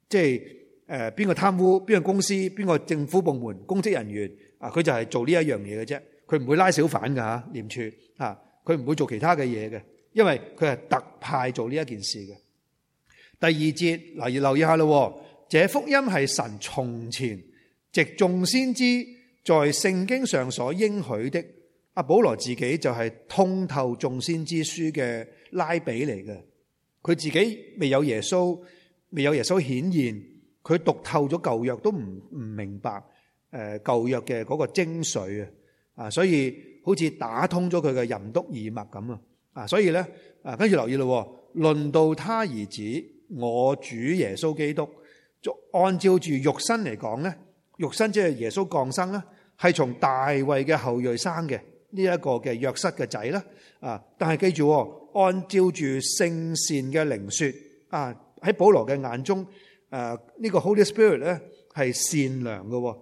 即係誒邊個貪污、邊個公司、邊個政府部門公職人員啊，佢就係做呢一樣嘢嘅啫，佢唔會拉小販噶廉署啊，佢唔會做其他嘅嘢嘅，因為佢係特派做呢一件事嘅。第二節嗱，留意下咯，這福音係神從前藉眾先知在聖經上所應許的。阿保羅自己就係通透眾先知書嘅拉比嚟嘅，佢自己未有耶穌，未有耶穌顯現，佢讀透咗舊約都唔唔明白誒舊約嘅嗰個精髓啊，啊，所以好似打通咗佢嘅任督二脈咁啊，啊，所以咧啊，跟住留意咯，輪到他兒子。我主耶穌基督，就按照住肉身嚟講咧，肉身即係耶穌降生啦，係從大衛嘅後裔生嘅呢一個嘅約瑟嘅仔啦，啊！但係記住，按照住聖善嘅靈說，啊喺保羅嘅眼中，誒、這、呢個 Holy Spirit 咧係善良嘅，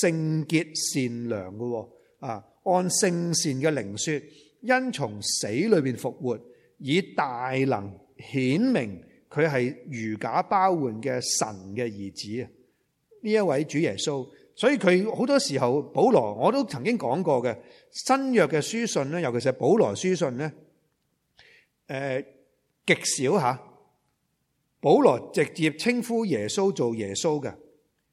聖潔善良嘅，啊按聖善嘅靈說，因從死裏邊復活，以大能顯明。佢係如假包換嘅神嘅兒子啊！呢一位主耶穌，所以佢好多時候保羅我都曾經講過嘅新約嘅書信咧，尤其是保羅書信咧，誒極少吓，保羅直接稱呼耶穌做耶穌嘅，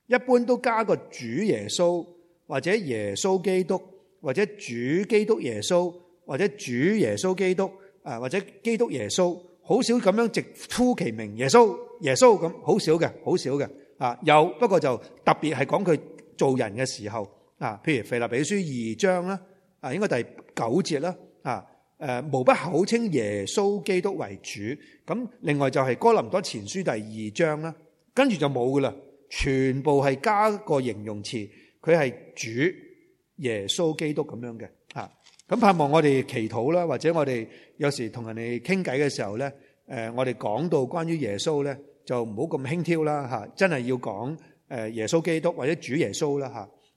一般都加個主耶穌或者耶穌基督或者主基督耶穌或者主耶穌基督啊，或者基督耶穌。好少咁樣直呼其名，耶穌耶穌咁好少嘅，好少嘅啊，有，不過就特別係講佢做人嘅時候啊，譬如腓立比書二章啦，啊應該第九節啦啊，誒，無不口稱耶穌基督為主，咁另外就係哥林多前書第二章啦，跟住就冇噶啦，全部係加個形容詞，佢係主耶穌基督咁樣嘅。咁盼望我哋祈禱啦，或者我哋有時同人哋傾偈嘅時候咧，誒，我哋講到關於耶穌咧，就唔好咁輕佻啦吓，真係要講誒耶穌基督或者主耶穌啦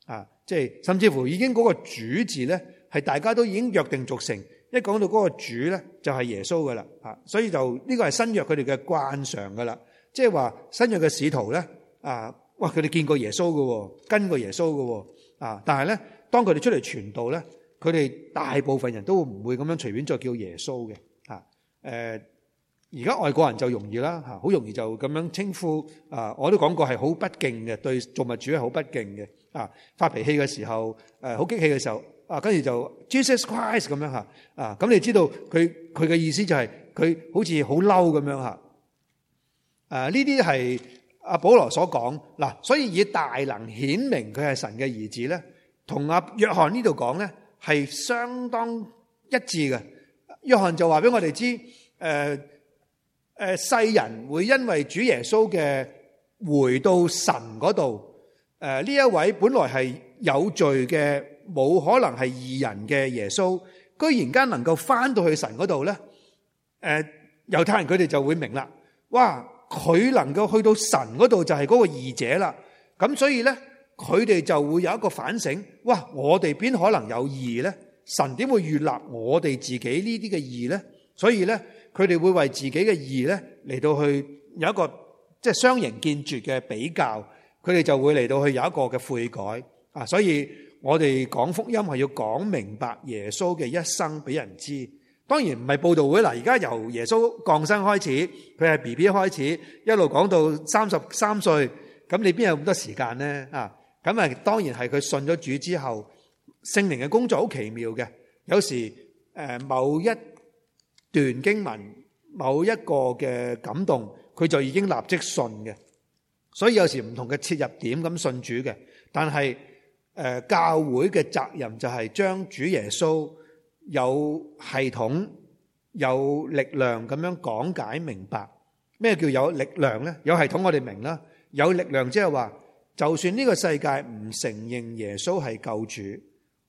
吓，啊，即係甚至乎已經嗰個主字咧，係大家都已經約定俗成，一講到嗰個主咧，就係耶穌噶啦吓，所以就呢個係新約佢哋嘅慣常噶啦，即係話新約嘅使徒咧，啊，哇，佢哋見過耶穌喎，跟過耶穌噶，啊，但係咧，當佢哋出嚟傳道咧。佢哋大部分人都唔會咁樣隨便再叫耶穌嘅，吓，誒，而家外國人就容易啦，吓，好容易就咁樣稱呼，啊，我都講過係好不敬嘅，對造物主係好不敬嘅，啊，發脾氣嘅時候，誒，好激氣嘅時候，啊，跟住就 Jesus Christ 咁樣吓，啊，咁你知道佢佢嘅意思就係佢好似好嬲咁樣吓，啊，呢啲係阿保羅所講，嗱，所以以大能顯明佢係神嘅兒子咧，同阿約翰呢度講咧。係相當一致嘅。約翰就話俾我哋知，誒誒，世人會因為主耶穌嘅回到神嗰度，誒，呢一位本來係有罪嘅，冇可能係義人嘅耶穌，居然間能夠翻到去神嗰度咧，誒、呃、猶太人佢哋就會明啦。哇，佢能夠去到神嗰度就係嗰個義者啦。咁所以咧。佢哋就會有一個反省，哇！我哋邊可能有義呢？神點會悅納我哋自己呢啲嘅義呢？」所以呢，佢哋會為自己嘅義呢嚟到去有一個即係相形見絀嘅比較，佢哋就會嚟到去有一個嘅悔改啊！所以我哋講福音係要講明白耶穌嘅一生俾人知。當然唔係報導會啦，而家由耶穌降生開始，佢係 B B 開始一路講到三十三歲，咁你邊有咁多時間呢？啊！咁啊，當然係佢信咗主之後，聖靈嘅工作好奇妙嘅。有時誒某一段經文、某一個嘅感動，佢就已經立即信嘅。所以有時唔同嘅切入點咁信主嘅。但係誒教會嘅責任就係將主耶穌有系統、有力量咁樣講解明白。咩叫有力量咧？有系統我哋明啦，有力量即係話，就算呢個世界唔承認耶穌係救主，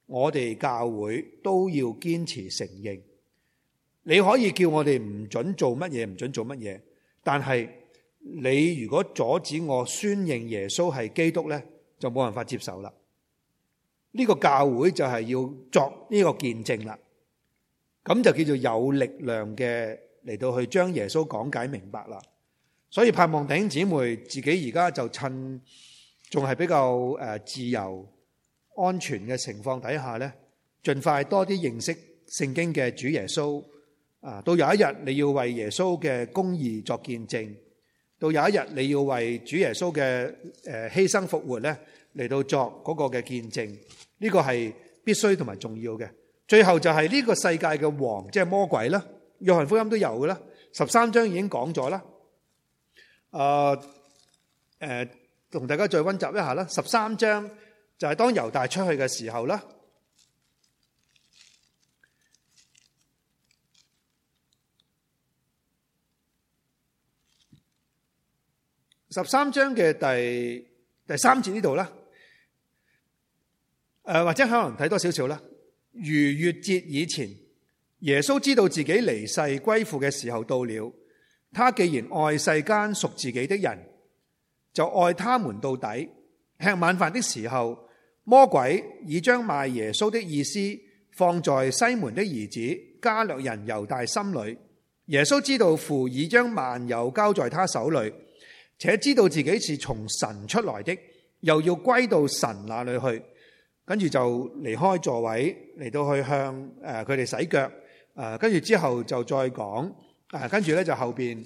我哋教會都要堅持承認。你可以叫我哋唔准做乜嘢，唔准做乜嘢，但係你如果阻止我宣認耶穌係基督呢，就冇辦法接受啦。呢個教會就係要作呢個見證啦，咁就叫做有力量嘅嚟到去將耶穌講解明白啦。所以盼望弟兄姊妹自己而家就趁。仲係比較誒自由、安全嘅情況底下咧，盡快多啲認識聖經嘅主耶穌啊！到有一日你要為耶穌嘅公義作見證，到有一日你要為主耶穌嘅誒犧牲復活咧嚟到作嗰個嘅見證，呢、這個係必須同埋重要嘅。最後就係呢個世界嘅王，即係魔鬼啦。約翰福音都有嘅啦，十三章已經講咗啦。啊、呃，誒、呃。同大家再温習一下啦，十三章就係當猶大出去嘅時候啦。十三章嘅第第三節呢度啦，誒或者可能睇多少少啦。逾越節以前，耶穌知道自己離世歸父嘅時候到了，他既然愛世間屬自己的人。就愛他們到底。吃晚飯的時候，魔鬼已將賣耶穌的意思放在西門的兒子加略人猶大心裏。耶穌知道父已將萬有交在他手裏，且知道自己是從神出來的，又要歸到神那裏去。跟住就離開座位，嚟到去向誒佢哋洗腳。誒跟住之後就再講。誒跟住咧就後邊。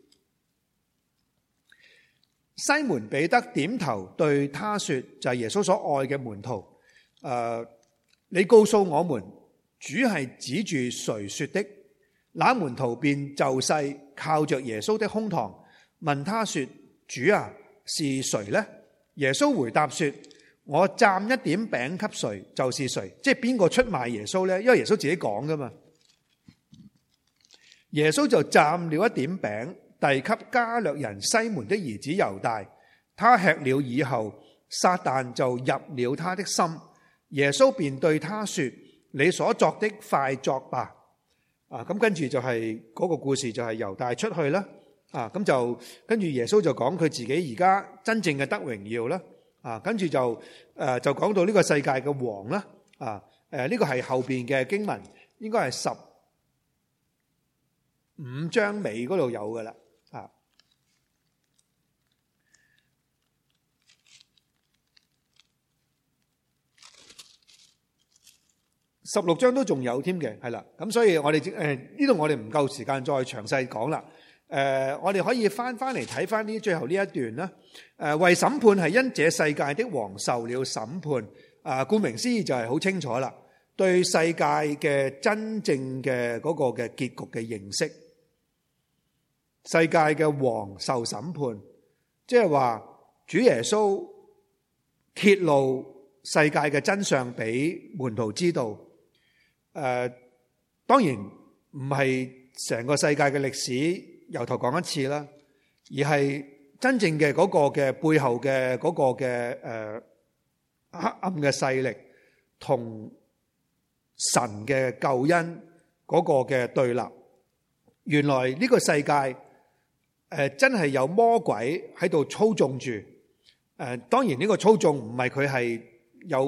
西門彼得點頭對他說：就係、是、耶穌所愛嘅門徒。誒、呃，你告訴我們，主係指住誰說的？那門徒便就勢靠着耶穌的胸膛問他說：主啊，是誰呢？耶穌回答說：我蘸一點餅給誰，就是誰。即係邊個出賣耶穌呢？因為耶穌自己講噶嘛。耶穌就蘸了一點餅。遞給加略人西門的兒子猶大，他吃了以後，撒但就入了他的心。耶穌便對他說：你所作的，快作吧！啊，咁跟住就係嗰個故事，就係猶大出去啦。啊，咁就跟住耶穌就講佢自己而家真正嘅得榮耀啦。啊，跟住就誒就講到呢個世界嘅王啦。啊，誒呢個係後邊嘅經文，應該係十五章尾嗰度有噶啦。十六章都仲有添嘅，係啦，咁所以我哋誒呢度我哋唔夠時間再詳細講啦。誒，我哋可以翻翻嚟睇翻呢最後呢一段啦。誒，為審判係因這世界的王受了審判。啊，顧名思義就係好清楚啦，對世界嘅真正嘅嗰個嘅結局嘅認識。世界嘅王受審判，即係話主耶穌揭露世界嘅真相俾門徒知道。誒、呃，當然唔係成個世界嘅歷史由頭講一次啦，而係真正嘅嗰個嘅背後嘅嗰個嘅誒、呃、黑暗嘅勢力同神嘅救恩嗰個嘅對立。原來呢個世界誒、呃、真係有魔鬼喺度操縱住。誒、呃，當然呢個操縱唔係佢係有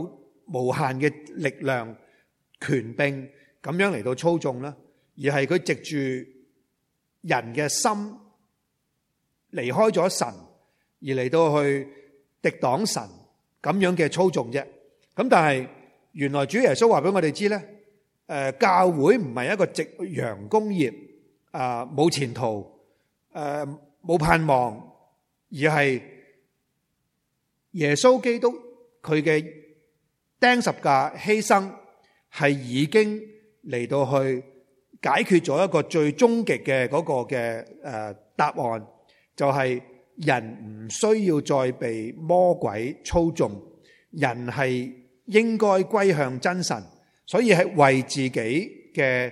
無限嘅力量。權柄咁樣嚟到操縱啦，而係佢藉住人嘅心離開咗神，而嚟到去敵擋神咁樣嘅操縱啫。咁但係原來主耶穌話俾我哋知咧，誒，教會唔係一個夕陽工業啊，冇前途誒，冇盼望，而係耶穌基督佢嘅釘十架犧牲。係已經嚟到去解決咗一個最終極嘅嗰個嘅誒答案，就係人唔需要再被魔鬼操縱，人係應該歸向真神，所以係為自己嘅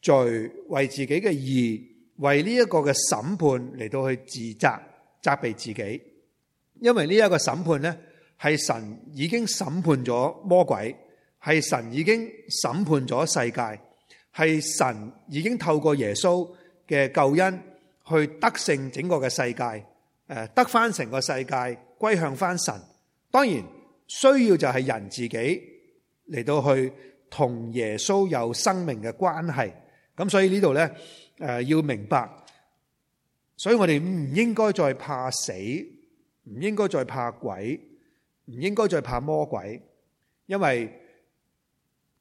罪、為自己嘅義、為呢一個嘅審判嚟到去自責、責備自己，因為呢一個審判呢，係神已經審判咗魔鬼。係神已經審判咗世界，係神已經透過耶穌嘅救恩去得勝整個嘅世界，誒得翻成個世界歸向翻神。當然需要就係人自己嚟到去同耶穌有生命嘅關係。咁所以呢度咧，誒要明白，所以我哋唔應該再怕死，唔應該再怕鬼，唔應該再怕魔鬼，因為。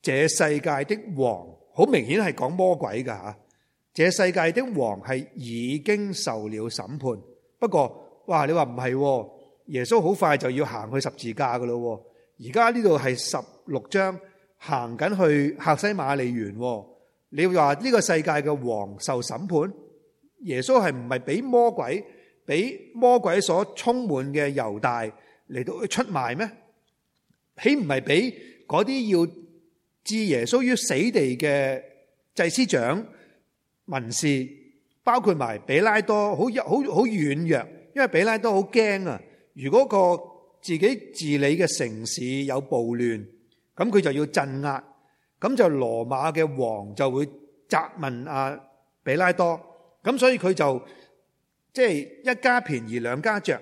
這世界的王，好明顯係講魔鬼噶吓。這世界的王係已經受了審判。不過，哇，你話唔係？耶穌好快就要行去十字架噶咯。而家呢度係十六章，行緊去客西馬尼園。你話呢個世界嘅王受審判？耶穌係唔係俾魔鬼、俾魔鬼所充滿嘅猶大嚟到出賣咩？豈唔係俾嗰啲要？置耶穌於死地嘅祭司長、文士，包括埋比拉多，好好好軟弱，因為比拉多好驚啊！如果個自己治理嘅城市有暴亂，咁佢就要鎮壓，咁就羅馬嘅王就會責問啊比拉多，咁所以佢就即係一家便宜兩家著。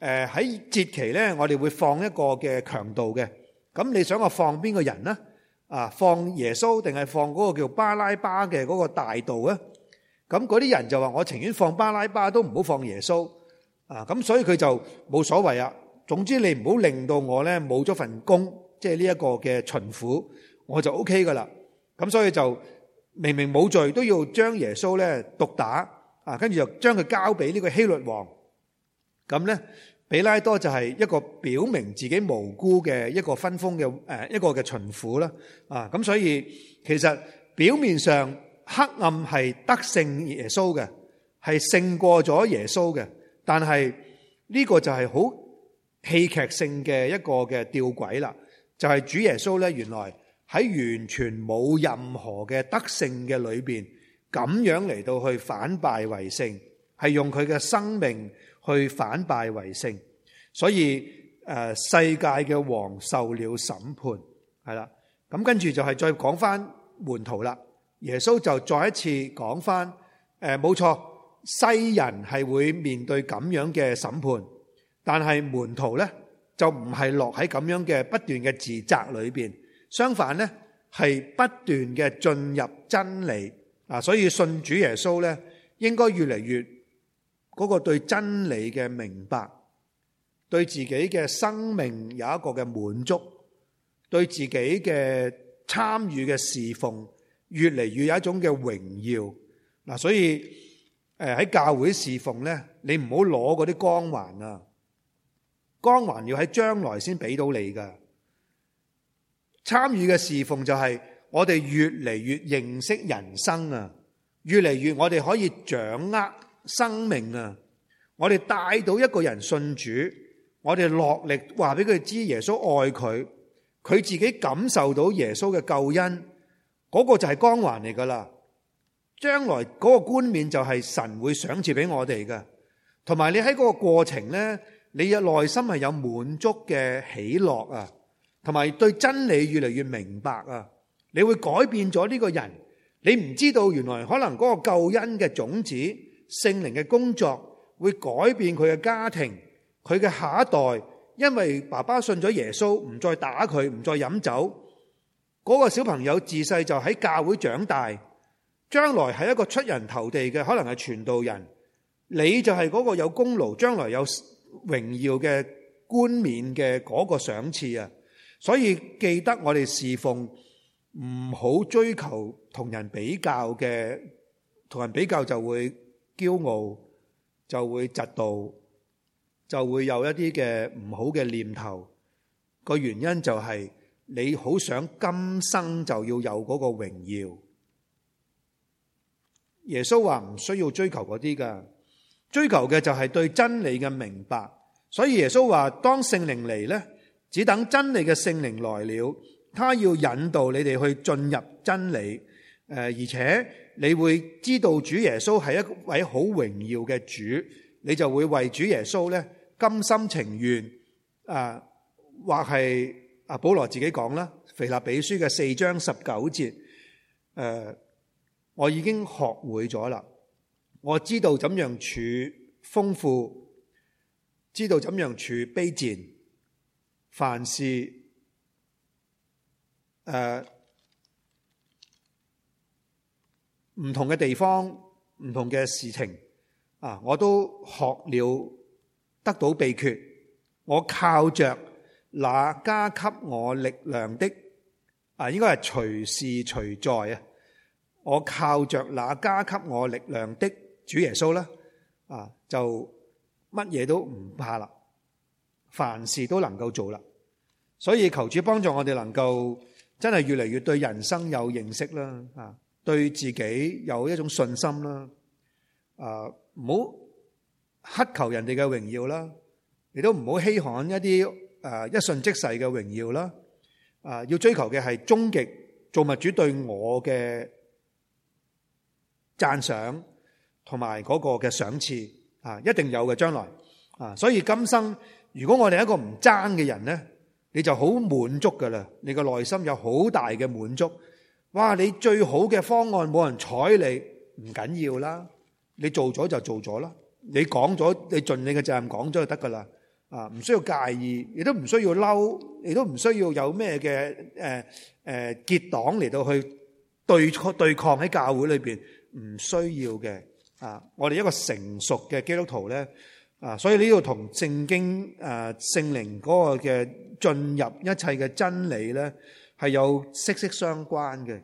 誒喺節期咧，我哋會放一個嘅強盜嘅，咁你想我放邊個人呢？啊，放耶穌定係放嗰個叫巴拉巴嘅嗰個大盜咧？咁嗰啲人就話：我情願放巴拉巴都唔好放耶穌啊！咁所以佢就冇所謂啊。總之你唔好令到我咧冇咗份工，即係呢一個嘅巡撫，我就 OK 噶啦。咁所以就明明冇罪都要將耶穌咧毒打啊，跟住就將佢交俾呢個希律王。咁咧？彼拉多就係一個表明自己無辜嘅一個分封嘅誒一個嘅巡撫啦，啊咁所以其實表面上黑暗係得勝耶穌嘅，係勝過咗耶穌嘅，但係呢個就係好戲劇性嘅一個嘅吊詭啦，就係主耶穌咧原來喺完全冇任何嘅得勝嘅裏邊，咁樣嚟到去反敗為勝，係用佢嘅生命。去反敗為勝，所以誒世界嘅王受了審判，係啦，咁跟住就係再講翻門徒啦。耶穌就再一次講翻，誒冇錯，世人係會面對咁樣嘅審判，但係門徒呢就唔係落喺咁樣嘅不斷嘅自責裏面，相反呢係不斷嘅進入真理啊，所以信主耶穌呢應該越嚟越。嗰個對真理嘅明白，對自己嘅生命有一個嘅滿足，對自己嘅參與嘅侍奉，越嚟越有一種嘅榮耀。嗱，所以誒喺教會侍奉咧，你唔好攞嗰啲光環啊，光環要喺將來先俾到你噶。參與嘅侍奉就係我哋越嚟越認識人生啊，越嚟越我哋可以掌握。生命啊！我哋帶到一個人信主，我哋落力話俾佢知耶穌愛佢，佢自己感受到耶穌嘅救恩，嗰個就係光環嚟噶啦。將來嗰個冠冕就係神會賞賜俾我哋嘅。同埋你喺嗰個過程呢，你嘅內心係有滿足嘅喜樂啊，同埋對真理越嚟越明白啊。你會改變咗呢個人，你唔知道原來可能嗰個救恩嘅種子。聖靈嘅工作會改變佢嘅家庭，佢嘅下一代，因為爸爸信咗耶穌，唔再打佢，唔再飲酒，嗰、那個小朋友自細就喺教會長大，將來係一個出人頭地嘅，可能係傳道人，你就係嗰個有功勞，將來有榮耀嘅冠冕嘅嗰個賞賜啊！所以記得我哋侍奉，唔好追求同人比較嘅，同人比較就會。驕傲就會窒到，就會有一啲嘅唔好嘅念頭。個原因就係你好想今生就要有嗰個榮耀。耶穌話唔需要追求嗰啲㗎，追求嘅就係對真理嘅明白。所以耶穌話，當聖靈嚟呢，只等真理嘅聖靈來了，他要引導你哋去進入真理。誒，而且你會知道主耶穌係一位好榮耀嘅主，你就會為主耶穌咧甘心情願。啊，或係阿、啊、保羅自己講啦，《腓立比書》嘅四章十九節。誒，我已經學會咗啦，我知道怎樣處豐富，知道怎樣處卑賤，凡事誒。唔同嘅地方，唔同嘅事情，啊！我都學了，得到秘訣。我靠着那加給我力量的，啊，應該係隨時隨在啊！我靠着那加給我力量的主耶穌啦，啊，就乜嘢都唔怕啦，凡事都能夠做啦。所以求主幫助我哋，能夠真係越嚟越對人生有認識啦，啊！對自己有一種信心啦，啊，唔好乞求人哋嘅榮耀啦，你都唔好稀罕一啲誒一瞬即逝嘅榮耀啦，啊，要追求嘅係終極造物主對我嘅讚賞同埋嗰個嘅賞賜啊，一定有嘅將來啊，所以今生如果我哋係一個唔爭嘅人咧，你就好滿足噶啦，你個內心有好大嘅滿足。哇！你最好嘅方案冇人睬你，唔緊要啦。你做咗就做咗啦。你講咗，你盡你嘅責任講咗就得噶啦。啊，唔需要介意，亦都唔需要嬲，亦都唔需要有咩嘅誒誒結黨嚟到去對對抗喺教會裏邊唔需要嘅。啊，我哋一個成熟嘅基督徒咧，啊，所以你要同聖經誒、啊、聖靈嗰個嘅進入一切嘅真理咧。係有息息相關嘅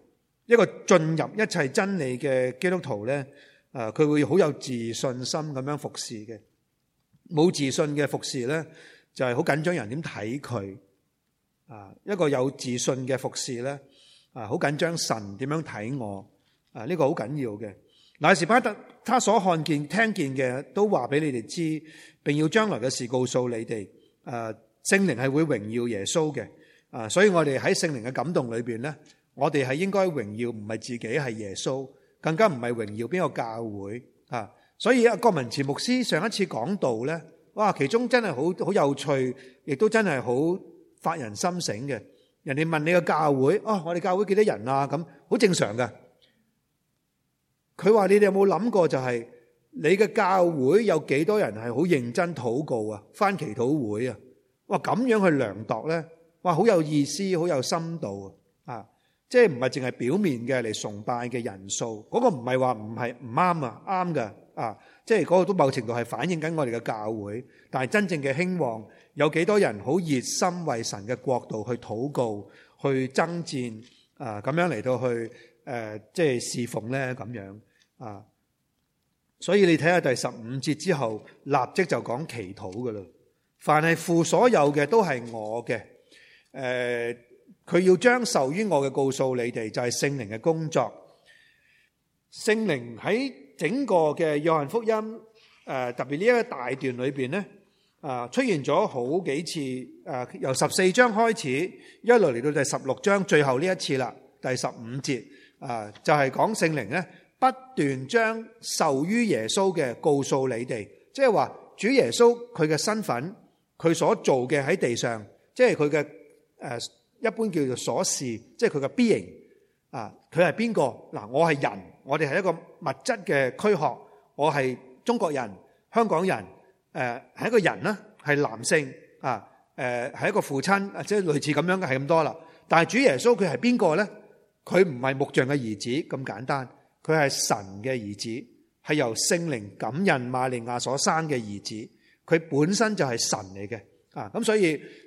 一個進入一切真理嘅基督徒咧，誒，佢會好有自信心咁樣服侍嘅。冇自信嘅服侍咧，就係好緊張人點睇佢。啊，一個有自信嘅服侍咧，啊，好緊張神點樣睇我。啊，呢個好緊要嘅。乃是把他所看見聽見嘅都話俾你哋知，並要將來嘅事告訴你哋。誒，聖靈係會榮耀耶穌嘅。啊，所以我哋喺聖靈嘅感動裏邊咧，我哋係應該榮耀唔係自己，係耶穌，更加唔係榮耀邊個教會啊！所以阿郭文慈牧師上一次講道咧，哇，其中真係好好有趣，亦都真係好發人心醒嘅。人哋問你個教會，哦，我哋教會幾多人啊？咁好正常㗎。佢話你哋有冇諗過，就係你嘅教會有幾多人係好認真禱告啊？翻祈禱會啊？哇，咁樣去量度咧？哇，好有意思，好有深度啊！即係唔係淨係表面嘅，嚟崇拜嘅人數，嗰個唔係話唔係唔啱啊，啱㗎啊！即係嗰個都某程度係反映緊我哋嘅教會，但係真正嘅興旺有幾多人好熱心為神嘅國度去禱告、去爭戰啊？咁樣嚟到去誒，即係侍奉呢，咁樣啊！所以你睇下第十五節之後，立即就講祈禱噶啦。凡係父所有嘅，都係我嘅。誒，佢、呃，要將受於我嘅告訴你哋，就係聖靈嘅工作。聖靈喺整個嘅約翰福音，誒、呃，特別呢一個大段裏邊咧，啊、呃，出現咗好幾次。誒、呃，由十四章開始一路嚟到第十六章，最後呢一次啦，第十五節，啊、呃，就係講聖靈咧不斷將受於耶穌嘅告訴你哋，即係話主耶穌佢嘅身份，佢所做嘅喺地上，即係佢嘅。誒一般叫做鎖匙，即係佢嘅 B 型啊！佢係邊個？嗱，我係人，我哋係一個物質嘅軀殼，我係中國人、香港人，誒係一個人啦，係男性啊，誒係一個父親，即係類似咁樣嘅，係咁多啦。但係主耶穌佢係邊個咧？佢唔係木匠嘅兒子咁簡單，佢係神嘅兒子，係由聖靈感孕馬利亞所生嘅兒子，佢本身就係神嚟嘅啊！咁所以。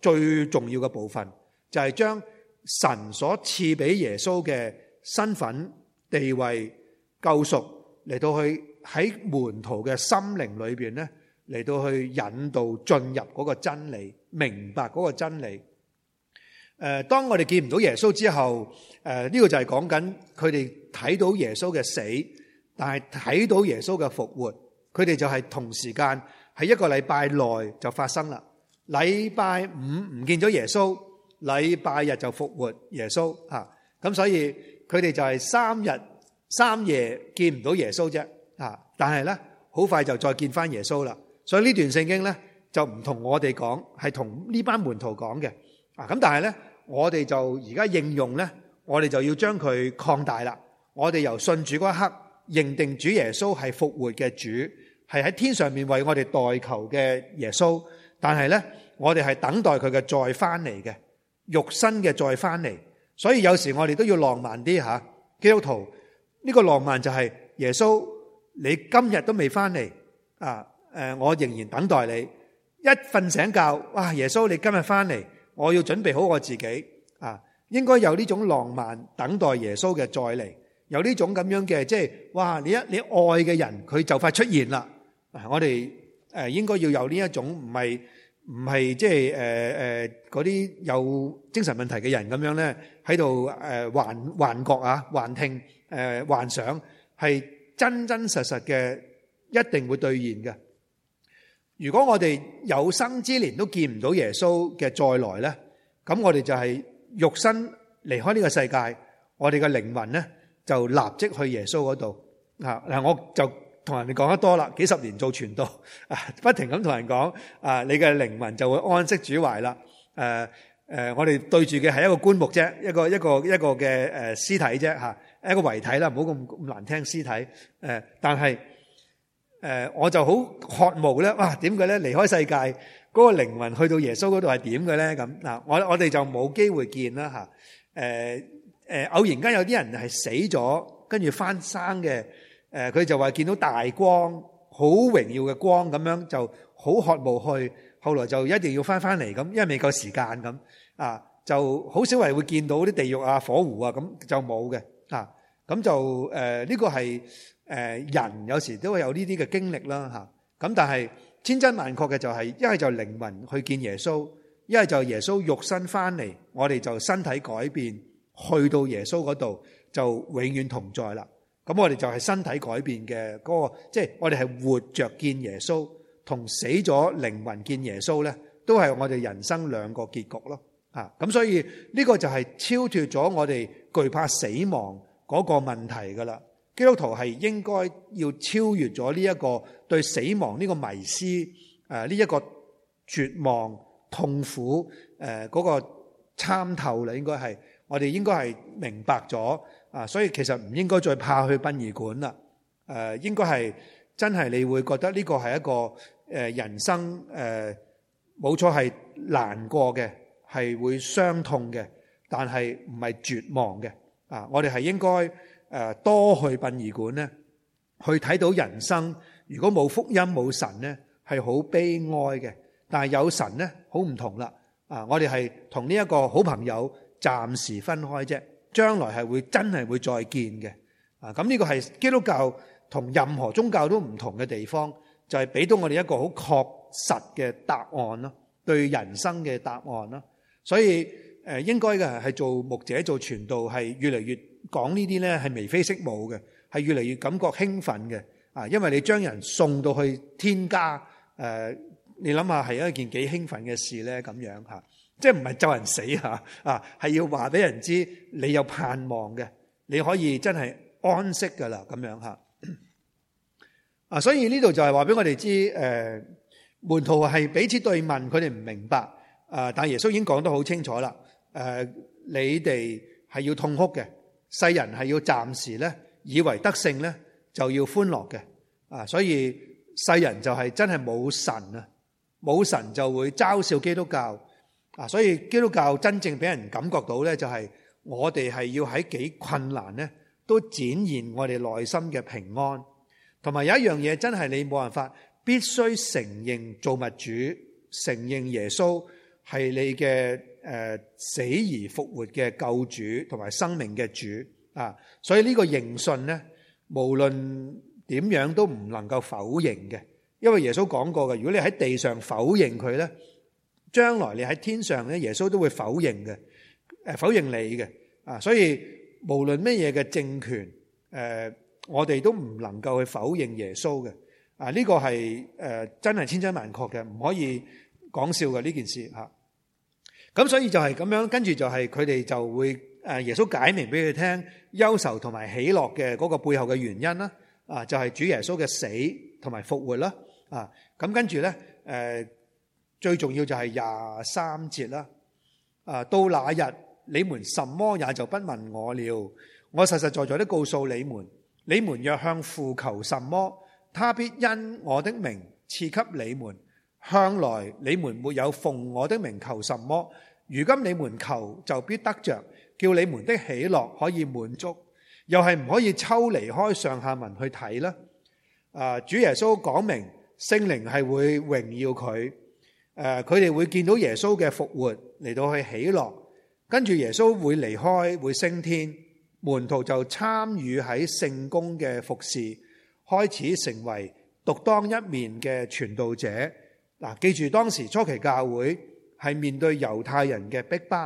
最重要嘅部分就係將神所賜俾耶穌嘅身份地位救贖，嚟到去喺門徒嘅心靈裏邊咧，嚟到去引導進入嗰個真理，明白嗰個真理。誒，當我哋見唔到耶穌之後，誒呢個就係講緊佢哋睇到耶穌嘅死，但係睇到耶穌嘅復活，佢哋就係同時間喺一個禮拜內就發生啦。禮拜五唔見咗耶穌，禮拜日就復活耶穌啊，咁所以佢哋就係三日三夜見唔到耶穌啫啊！但係咧好快就再見翻耶穌啦，所以呢段聖經咧就唔同我哋講，係同呢班門徒講嘅啊！咁但係咧我哋就而家應用咧，我哋就要將佢擴大啦。我哋由信主嗰一刻認定主耶穌係復活嘅主，係喺天上面為我哋代求嘅耶穌。但係咧，我哋係等待佢嘅再翻嚟嘅肉身嘅再翻嚟，所以有時我哋都要浪漫啲吓。基督徒呢個浪漫就係耶穌，你今日都未翻嚟啊？誒，我仍然等待你。一瞓醒覺，哇！耶穌，你今日翻嚟，我要準備好我自己啊！應該有呢種浪漫等待耶穌嘅再嚟，有呢種咁樣嘅，即係哇！你一你愛嘅人，佢就快出現啦！我哋。誒應該要有呢一種，唔係唔係，即係誒誒嗰啲有精神問題嘅人咁樣咧，喺度誒幻幻覺啊、幻聽、誒、呃、幻想，係真真實實嘅，一定會兌現嘅。如果我哋有生之年都見唔到耶穌嘅再來咧，咁我哋就係肉身離開呢個世界，我哋嘅靈魂咧就立即去耶穌嗰度啊！嗱、嗯，我就。同人哋講得多啦，幾十年做傳道，啊，不停咁同人講，啊，你嘅靈魂就會安息主懷啦。誒誒，我哋對住嘅係一個棺木啫，一個一個一個嘅誒屍體啫嚇，一個遺體啦，唔好咁咁難聽，屍體。誒，但係誒，我就好渴望咧。哇，點解咧離開世界嗰個靈魂去到耶穌嗰度係點嘅咧？咁嗱，我我哋就冇機會見啦嚇。誒誒，偶然間有啲人係死咗，跟住翻生嘅。誒，佢就話見到大光，好榮耀嘅光咁樣，就好渴慕去。後來就一定要翻翻嚟，咁因為未夠時間咁啊，就好少人會見到啲地獄啊、火湖啊，咁就冇嘅啊。咁就誒，呢個係誒、呃，人有時都會有呢啲嘅經歷啦吓。咁但係千真萬確嘅就係，一係就靈魂去見耶穌，一係就耶穌肉身翻嚟，我哋就身體改變，去到耶穌嗰度就永遠同在啦。咁我哋就係身體改變嘅嗰個，即係我哋係活着見耶穌，同死咗靈魂見耶穌咧，都係我哋人生兩個結局咯。啊，咁所以呢個就係超脫咗我哋懼怕死亡嗰個問題噶啦。基督徒係應該要超越咗呢一個對死亡呢個迷思，誒呢一個絕望、痛苦誒嗰個參透啦，應該係我哋應該係明白咗。啊，所以其實唔應該再怕去殯儀館啦。誒，應該係真係你會覺得呢個係一個誒人生誒，冇錯係難過嘅，係會傷痛嘅，但係唔係絕望嘅。啊，我哋係應該誒多去殯儀館咧，去睇到人生。如果冇福音冇神咧，係好悲哀嘅。但係有神咧，好唔同啦。啊，我哋係同呢一個好朋友暫時分開啫。將來係會真係會再見嘅，啊，咁呢個係基督教同任何宗教都唔同嘅地方，就係俾到我哋一個好確實嘅答案囉，對人生嘅答案囉。所以誒，應該嘅係做牧者做傳道係越嚟越講呢啲呢，係眉飛色舞嘅，係越嚟越感覺興奮嘅，啊，因為你將人送到去天家，誒，你諗下係一件幾興奮嘅事呢，咁樣吓。即係唔係咒人死吓啊，係要話俾人知你有盼望嘅，你可以真係安息噶啦咁樣吓啊！所以呢度就係話俾我哋知，誒、呃、門徒係彼此對問，佢哋唔明白啊、呃！但耶穌已經講得好清楚啦，誒、呃、你哋係要痛哭嘅，世人係要暫時咧以為得勝咧就要歡樂嘅啊、呃！所以世人就係真係冇神啊，冇神就會嘲笑基督教。啊，所以基督教真正俾人感覺到咧，就係我哋係要喺幾困難咧，都展現我哋內心嘅平安。同埋有一樣嘢真係你冇辦法，必須承認造物主，承認耶穌係你嘅誒死而復活嘅救主，同埋生命嘅主啊。所以呢個認信咧，無論點樣都唔能夠否認嘅，因為耶穌講過嘅，如果你喺地上否認佢咧。將來你喺天上咧，耶穌都會否認嘅，誒否認你嘅，啊，所以無論乜嘢嘅政權，誒、呃，我哋都唔能夠去否認耶穌嘅，啊，呢、這個係誒、呃、真係千真萬確嘅，唔可以講笑嘅呢件事吓。咁、啊、所以就係咁樣，跟住就係佢哋就會誒、啊、耶穌解明俾佢聽憂愁同埋喜樂嘅嗰個背後嘅原因啦，啊，就係、是、主耶穌嘅死同埋復活啦，啊，咁跟住咧，誒。啊最重要就係廿三節啦，啊，到那日你們什麼也就不問我了，我實實在在地告訴你們，你們若向父求什麼，他必因我的名賜給你們。向來你們沒有奉我的名求什麼，如今你們求就必得着，叫你們的喜樂可以滿足。又係唔可以抽離開上下文去睇啦，啊，主耶穌講明聖靈係會榮耀佢。誒，佢哋會見到耶穌嘅復活嚟到去喜樂，跟住耶穌會離開，會升天，門徒就參與喺聖工嘅服侍，開始成為獨當一面嘅傳道者。嗱，記住當時初期教會係面對猶太人嘅逼迫，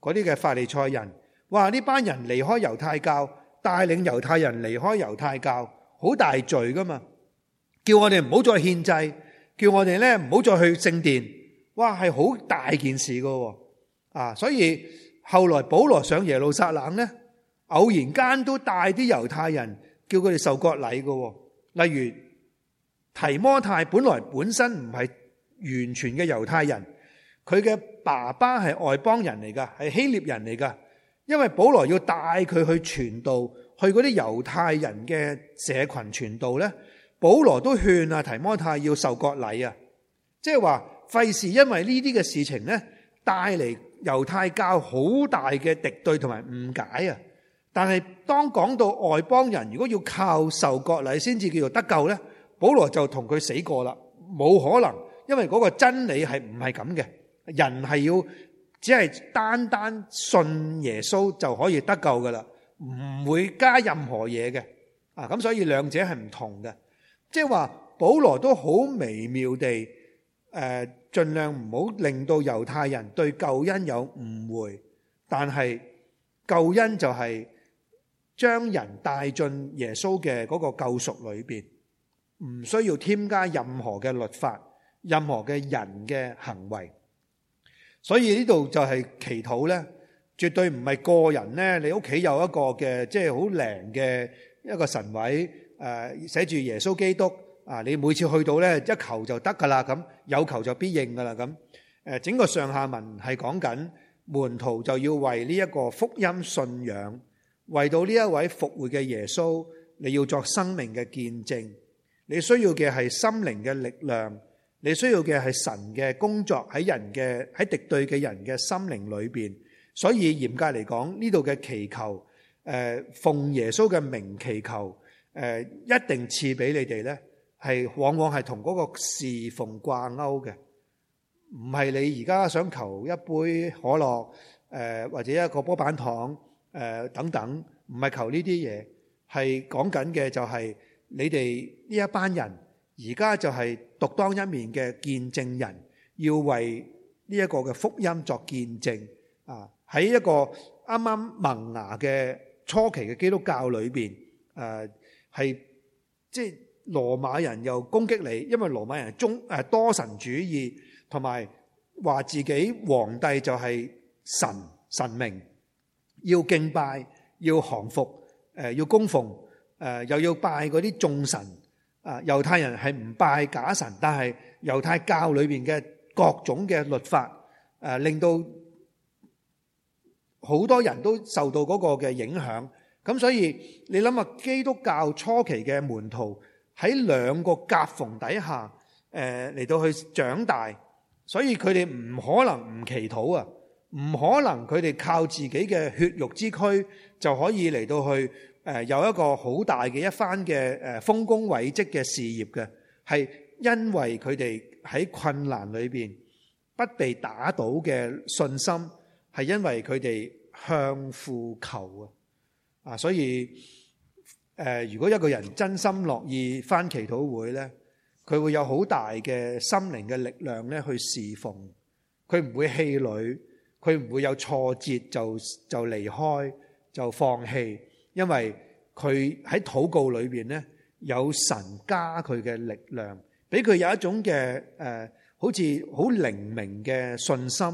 嗰啲嘅法利賽人，哇！呢班人離開猶太教，帶領猶太人離開猶太教，好大罪㗎嘛！叫我哋唔好再獻祭。叫我哋咧唔好再去聖殿，哇，係好大件事噶，啊！所以後來保羅上耶路撒冷咧，偶然間都帶啲猶太人叫佢哋受割禮喎。例如提摩太本來本身唔係完全嘅猶太人，佢嘅爸爸係外邦人嚟噶，係希臘人嚟噶，因為保羅要帶佢去傳道，去嗰啲猶太人嘅社群傳道咧。保羅都勸啊提摩太要受割禮啊，即係話費事，因為呢啲嘅事情呢帶嚟猶太教好大嘅敵對同埋誤解啊。但係當講到外邦人，如果要靠受割禮先至叫做得救呢，保羅就同佢死過啦，冇可能，因為嗰個真理係唔係咁嘅，人係要只係單單信耶穌就可以得救噶啦，唔會加任何嘢嘅啊。咁所以兩者係唔同嘅。即係話保羅都好微妙地，誒、呃，盡量唔好令到猶太人對救恩有誤會，但係救恩就係將人帶進耶穌嘅嗰個救贖裏邊，唔需要添加任何嘅律法，任何嘅人嘅行為。所以呢度就係祈禱咧，絕對唔係個人咧，你屋企有一個嘅即係好靈嘅一個神位，誒，寫住耶穌基督啊！你每次去到咧，一求就得噶啦，咁有求就必應噶啦，咁誒，整個上下文係講緊門徒就要為呢一個福音信仰，為到呢一位復活嘅耶穌，你要作生命嘅見證。你需要嘅係心靈嘅力量，你需要嘅係神嘅工作喺人嘅喺敵對嘅人嘅心靈裏邊。所以嚴格嚟講，呢度嘅祈求，誒，奉耶穌嘅名祈求。誒，一定賜俾你哋咧，係往往係同嗰個侍奉掛鈎嘅，唔係你而家想求一杯可樂，誒、呃、或者一個波板糖，誒、呃、等等，唔係求呢啲嘢，係講緊嘅就係你哋呢一班人而家就係獨當一面嘅見證人，要為呢一個嘅福音作見證啊！喺一個啱啱萌芽嘅初期嘅基督教裏邊，誒、啊。係即係羅馬人又攻擊你，因為羅馬人中多神主義，同埋話自己皇帝就係神神明，要敬拜，要降服、呃，要供奉，呃、又要拜嗰啲眾神。啊、呃，猶太人係唔拜假神，但係猶太教裏面嘅各種嘅律法，呃、令到好多人都受到嗰個嘅影響。咁所以你諗下基督教初期嘅門徒喺兩個夾縫底下，誒、呃、嚟到去長大，所以佢哋唔可能唔祈禱啊，唔可能佢哋靠自己嘅血肉之軀就可以嚟到去誒、呃、有一個好大嘅一番嘅誒豐功偉績嘅事業嘅，係因為佢哋喺困難裏邊不被打倒嘅信心，係因為佢哋向父求啊。啊，所以誒，如果一個人真心樂意返祈禱會咧，佢會有好大嘅心靈嘅力量咧，去侍奉，佢唔會氣餒，佢唔會有挫折就就離開就放棄，因為佢喺禱告裏邊咧有神加佢嘅力量，俾佢有一種嘅誒，好似好靈明嘅信心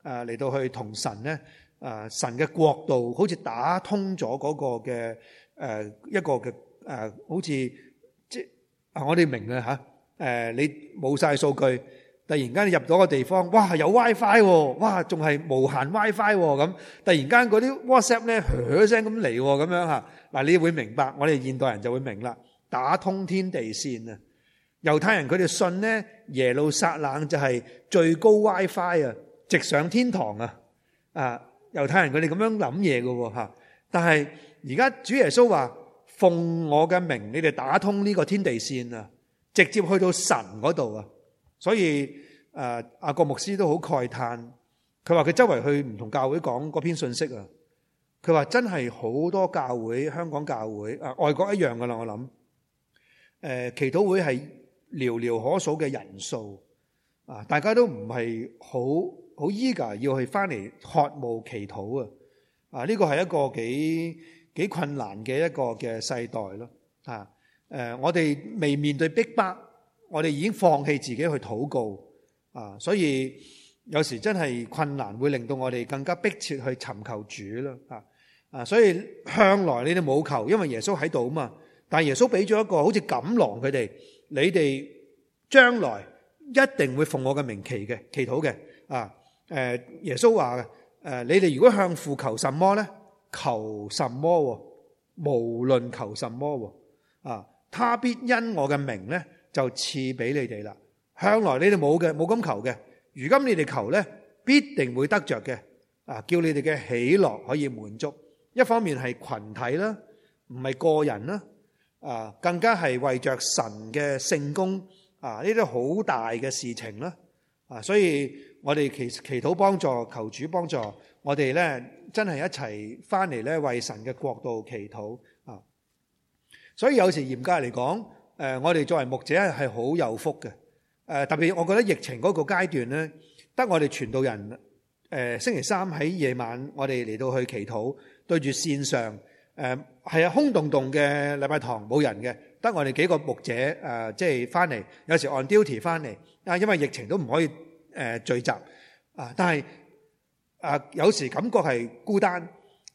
啊嚟到去同神咧。啊！神嘅國度好似打通咗嗰個嘅誒、啊、一個嘅誒、啊，好似即、啊、我哋明嘅吓。誒、啊，你冇晒數據，突然間你入到個地方，哇，有 WiFi 喎、啊！哇，仲係無限 WiFi 喎！咁、啊、突然間嗰啲 WhatsApp 咧，響聲咁嚟，咁樣吓嗱、啊，你會明白，我哋現代人就會明啦。打通天地線啊！猶太人佢哋信咧耶路撒冷就係最高 WiFi 啊，直上天堂啊啊！猶太人佢哋咁樣諗嘢㗎吓，但係而家主耶穌話奉我嘅名，你哋打通呢個天地線啊，直接去到神嗰度啊。所以誒、阿、啊、郭牧師都好慨嘆，佢話佢周圍去唔同教會講嗰篇信息啊。佢話真係好多教會，香港教會啊、呃，外國一樣噶啦。我諗誒、呃，祈禱會係寥寥可數嘅人數啊、呃，大家都唔係好。好依家，要去返嚟渴慕祈禱啊！啊，呢個係一個幾幾困難嘅一個嘅世代咯。啊，我哋未面對逼迫，迫，我哋已經放棄自己去禱告啊。所以有時真係困難會令到我哋更加迫切去尋求主咯。啊啊，所以向來你哋冇求，因為耶穌喺度啊嘛。但係耶穌俾咗一個好似錦囊，佢哋你哋將來一定會奉我嘅名祈嘅祈禱嘅啊。誒，耶穌話：誒，你哋如果向父求什麼咧？求什麼？無論求什麼，啊，他必因我嘅名咧，就賜俾你哋啦。向來你哋冇嘅，冇咁求嘅，如今你哋求咧，必定會得着嘅。啊，叫你哋嘅喜樂可以滿足。一方面係群體啦，唔係個人啦，啊，更加係為着神嘅聖功。啊，呢啲好大嘅事情啦。啊，所以。我哋祈祈禱幫助，求主幫助我哋咧，真係一齊翻嚟咧，為神嘅國度祈禱啊！所以有時嚴格嚟講，誒，我哋作為牧者係好有福嘅。誒，特別我覺得疫情嗰個階段咧，得我哋傳道人誒，星期三喺夜晚，我哋嚟到去祈禱，對住線上誒，係啊，空洞洞嘅禮拜堂冇人嘅，得我哋幾個牧者誒，即係翻嚟，有時 on duty 翻嚟啊，因為疫情都唔可以。誒，聚集啊！但係啊，有時感覺係孤單，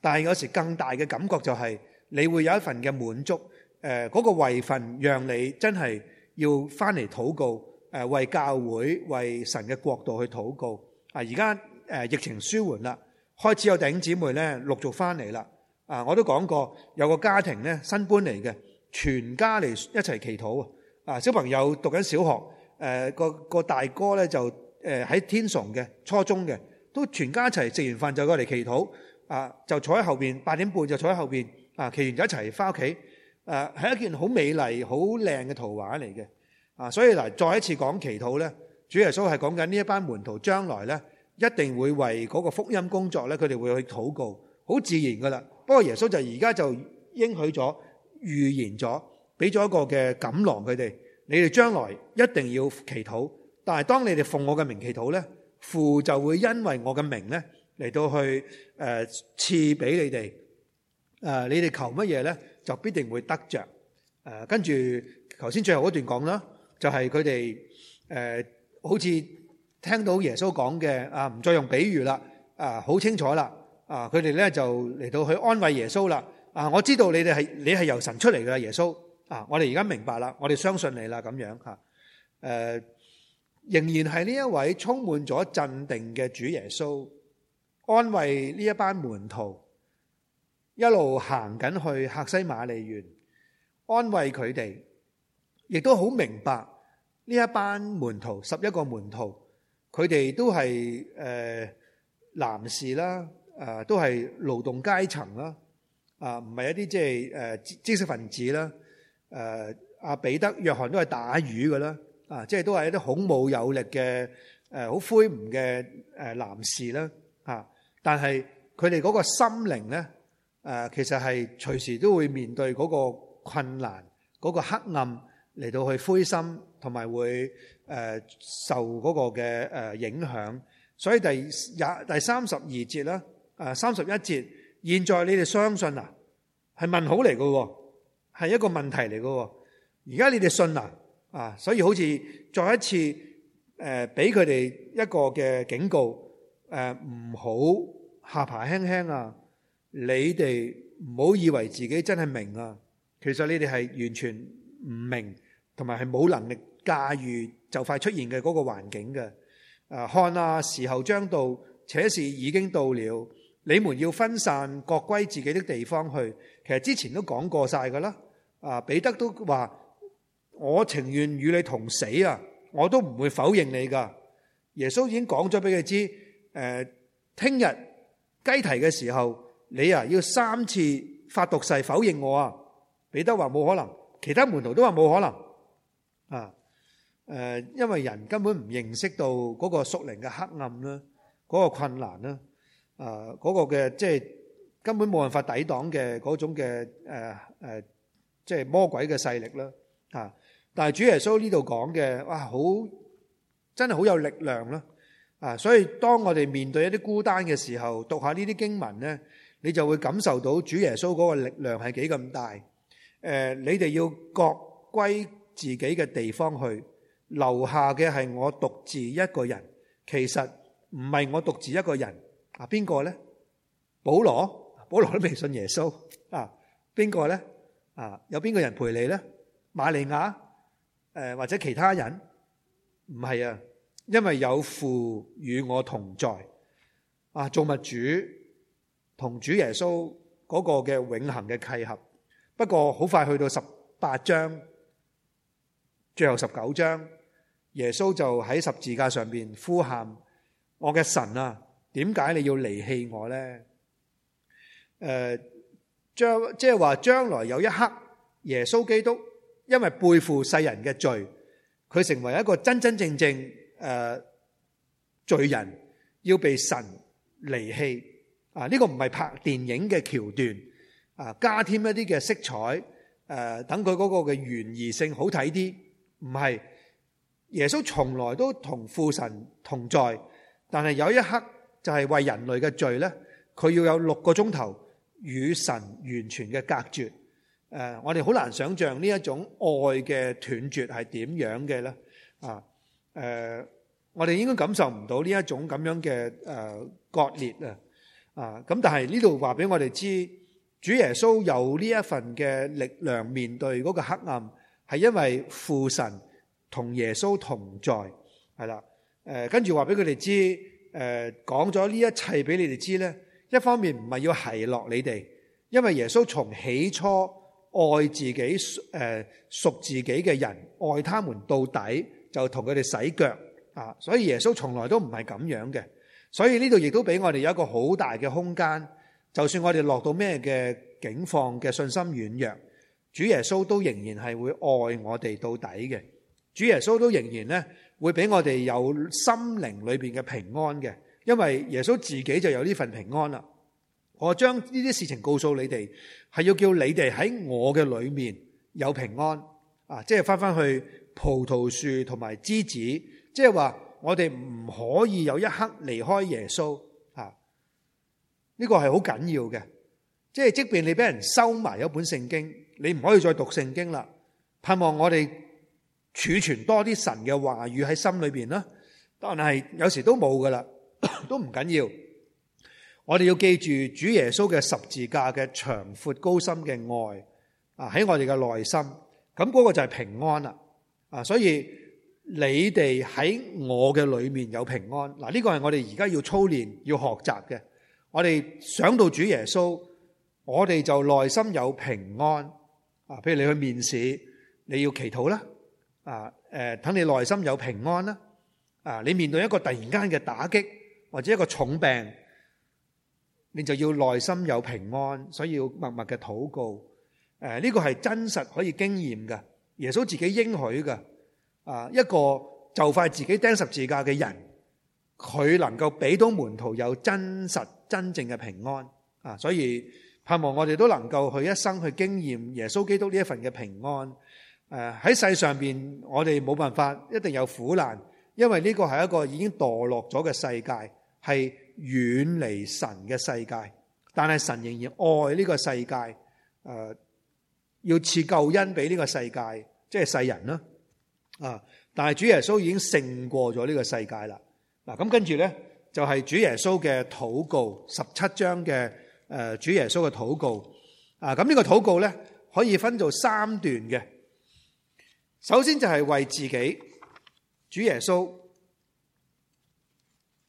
但係有時更大嘅感覺就係你會有一份嘅滿足。誒，嗰個位份讓你真係要翻嚟禱告。誒，為教會、為神嘅國度去禱告。啊，而家誒疫情舒緩啦，開始有弟兄姊妹咧陸續翻嚟啦。啊，我都講過有個家庭咧新搬嚟嘅，全家嚟一齊祈禱啊！小朋友讀緊小學，誒，個個大哥咧就。誒，喺天崇嘅初中嘅，都全家一齊食完飯就過嚟祈禱，啊，就坐喺後邊，八點半就坐喺後邊，啊，祈完就一齊翻屋企。誒，係一件好美麗、好靚嘅圖畫嚟嘅。啊，所以嗱，再一次講祈禱咧，主耶穌係講緊呢一班門徒將來咧，一定會為嗰個福音工作咧，佢哋會去禱告，好自然噶啦。不過耶穌就而家就應許咗、預言咗，俾咗一個嘅錦囊佢哋，你哋將來一定要祈禱。但係當你哋奉我嘅名祈禱咧，父就會因為我嘅名咧嚟，到去誒賜俾你哋。誒，你哋求乜嘢咧，就必定會得着。誒，跟住頭先最後嗰段講啦，就係佢哋誒好似聽到耶穌講嘅啊，唔再用比喻啦，啊，好清楚啦，啊，佢哋咧就嚟到去安慰耶穌啦。啊，我知道你哋係你係由神出嚟噶，耶穌。啊，我哋而家明白啦，我哋相信你啦，咁樣吓，誒。仍然係呢一位充滿咗鎮定嘅主耶穌，安慰呢一班門徒，一路行緊去客西馬尼園，安慰佢哋，亦都好明白呢一班門徒，十一個門徒，佢哋都係誒男士啦，誒都係勞動階層啦，啊，唔係一啲即係誒知識分子啦，誒阿彼得、約翰都係打魚㗎啦。啊，即係都係一啲孔武有力嘅，誒，好魁梧嘅誒男士啦，吓，但係佢哋嗰個心靈咧，誒，其實係隨時都會面對嗰個困難、嗰、嗰個黑暗嚟到去灰心，同埋會誒受嗰個嘅誒影響。所以第廿第三十二節啦，誒三十一節，現在你哋相信啊，係問號嚟喎，係一個問題嚟喎。而家你哋信啊。啊，所以好似再一次，誒、呃，俾佢哋一個嘅警告，誒、呃，唔好下爬輕輕啊！你哋唔好以為自己真係明啊，其實你哋係完全唔明，同埋係冇能力駕馭就快出現嘅嗰個環境嘅。啊，看啊，時候將到，且是已經到了，你們要分散，各歸自己的地方去。其實之前都講過晒㗎啦，啊，彼得都話。我情願與你同死啊！我都唔會否認你噶。耶穌已經講咗俾佢知，誒，聽日雞啼嘅時候，你啊要三次發毒誓否認我啊。彼得話冇可能，其他門徒都話冇可能。啊，誒，因為人根本唔認識到嗰個屬靈嘅黑暗啦，嗰個困難啦，啊，嗰個嘅即係根本冇辦法抵擋嘅嗰種嘅誒誒，即係魔鬼嘅勢力啦，但係主耶穌呢度講嘅，哇，好真係好有力量咯，啊！所以當我哋面對一啲孤單嘅時候，讀下呢啲經文咧，你就會感受到主耶穌嗰個力量係幾咁大。誒，你哋要各歸自己嘅地方去，留下嘅係我獨自一個人。其實唔係我獨自一個人，啊，邊個咧？保羅，保羅都未信耶穌，啊，邊個咧？啊，有邊個人陪你咧？馬利亞。誒、呃，或者其他人唔係啊，因為有父與我同在啊，造物主同主耶穌嗰個嘅永恒嘅契合。不過好快去到十八章，最後十九章，耶穌就喺十字架上邊呼喊：我嘅神啊，點解你要離棄我咧？誒、呃，將即係話，將來有一刻，耶穌基督。因為背負世人嘅罪，佢成為一個真真正正誒罪人，要被神離棄啊！呢個唔係拍電影嘅橋段啊，加添一啲嘅色彩誒，等佢嗰個嘅懸疑性好睇啲，唔係。耶穌從來都同父神同在，但係有一刻就係為人類嘅罪呢，佢要有六個鐘頭與神完全嘅隔絕。誒，我哋好難想象呢一種愛嘅斷絕係點樣嘅咧？啊，誒，我哋應該感受唔到呢一種咁樣嘅誒割裂啊！啊，咁但係呢度話俾我哋知，主耶穌有呢一份嘅力量面對嗰個黑暗，係因為父神同耶穌同在，係啦。誒，跟住話俾佢哋知，誒，講咗呢一切俾你哋知咧，一方面唔係要奚落你哋，因為耶穌從起初。愛自己誒，屬自己嘅人，愛他們到底，就同佢哋洗腳啊！所以耶穌從來都唔係咁樣嘅，所以呢度亦都俾我哋有一個好大嘅空間。就算我哋落到咩嘅境況，嘅信心軟弱，主耶穌都仍然係會愛我哋到底嘅。主耶穌都仍然呢會俾我哋有心靈裏邊嘅平安嘅，因為耶穌自己就有呢份平安啦。我將呢啲事情告訴你哋，係要叫你哋喺我嘅裏面有平安啊！即係翻翻去葡萄樹同埋枝子，即係話我哋唔可以有一刻離開耶穌啊！呢個係好緊要嘅，即係即便你俾人收埋一本聖經，你唔可以再讀聖經啦。盼望我哋儲存多啲神嘅話語喺心裏邊啦。但係有時都冇噶啦，都唔緊要。我哋要記住主耶穌嘅十字架嘅長闊高深嘅愛啊，喺我哋嘅內心，咁嗰個就係平安啦啊！所以你哋喺我嘅裏面有平安嗱，呢個係我哋而家要操練、要學習嘅。我哋想到主耶穌，我哋就內心有平安啊！譬如你去面試，你要祈禱啦啊，誒，等你內心有平安啦啊！你面對一個突然間嘅打擊或者一個重病。你就要內心有平安，所以要默默嘅禱告。誒，呢個係真實可以經驗嘅，耶穌自己應許嘅。啊，一個就快自己釘十字架嘅人，佢能夠俾到門徒有真實、真正嘅平安。啊，所以盼望我哋都能夠去一生去經驗耶穌基督呢一份嘅平安。誒，喺世上邊我哋冇辦法，一定有苦難，因為呢個係一個已經墮落咗嘅世界，係。遠離神嘅世界，但係神仍然愛呢個世界，誒，要賜救恩俾呢個世界，即係世人啦，啊！但係主耶穌已經勝過咗呢個世界啦。嗱，咁跟住咧就係主耶穌嘅禱告，十七章嘅，誒，主耶穌嘅禱告啊，咁呢個禱告咧可以分做三段嘅。首先就係為自己，主耶穌。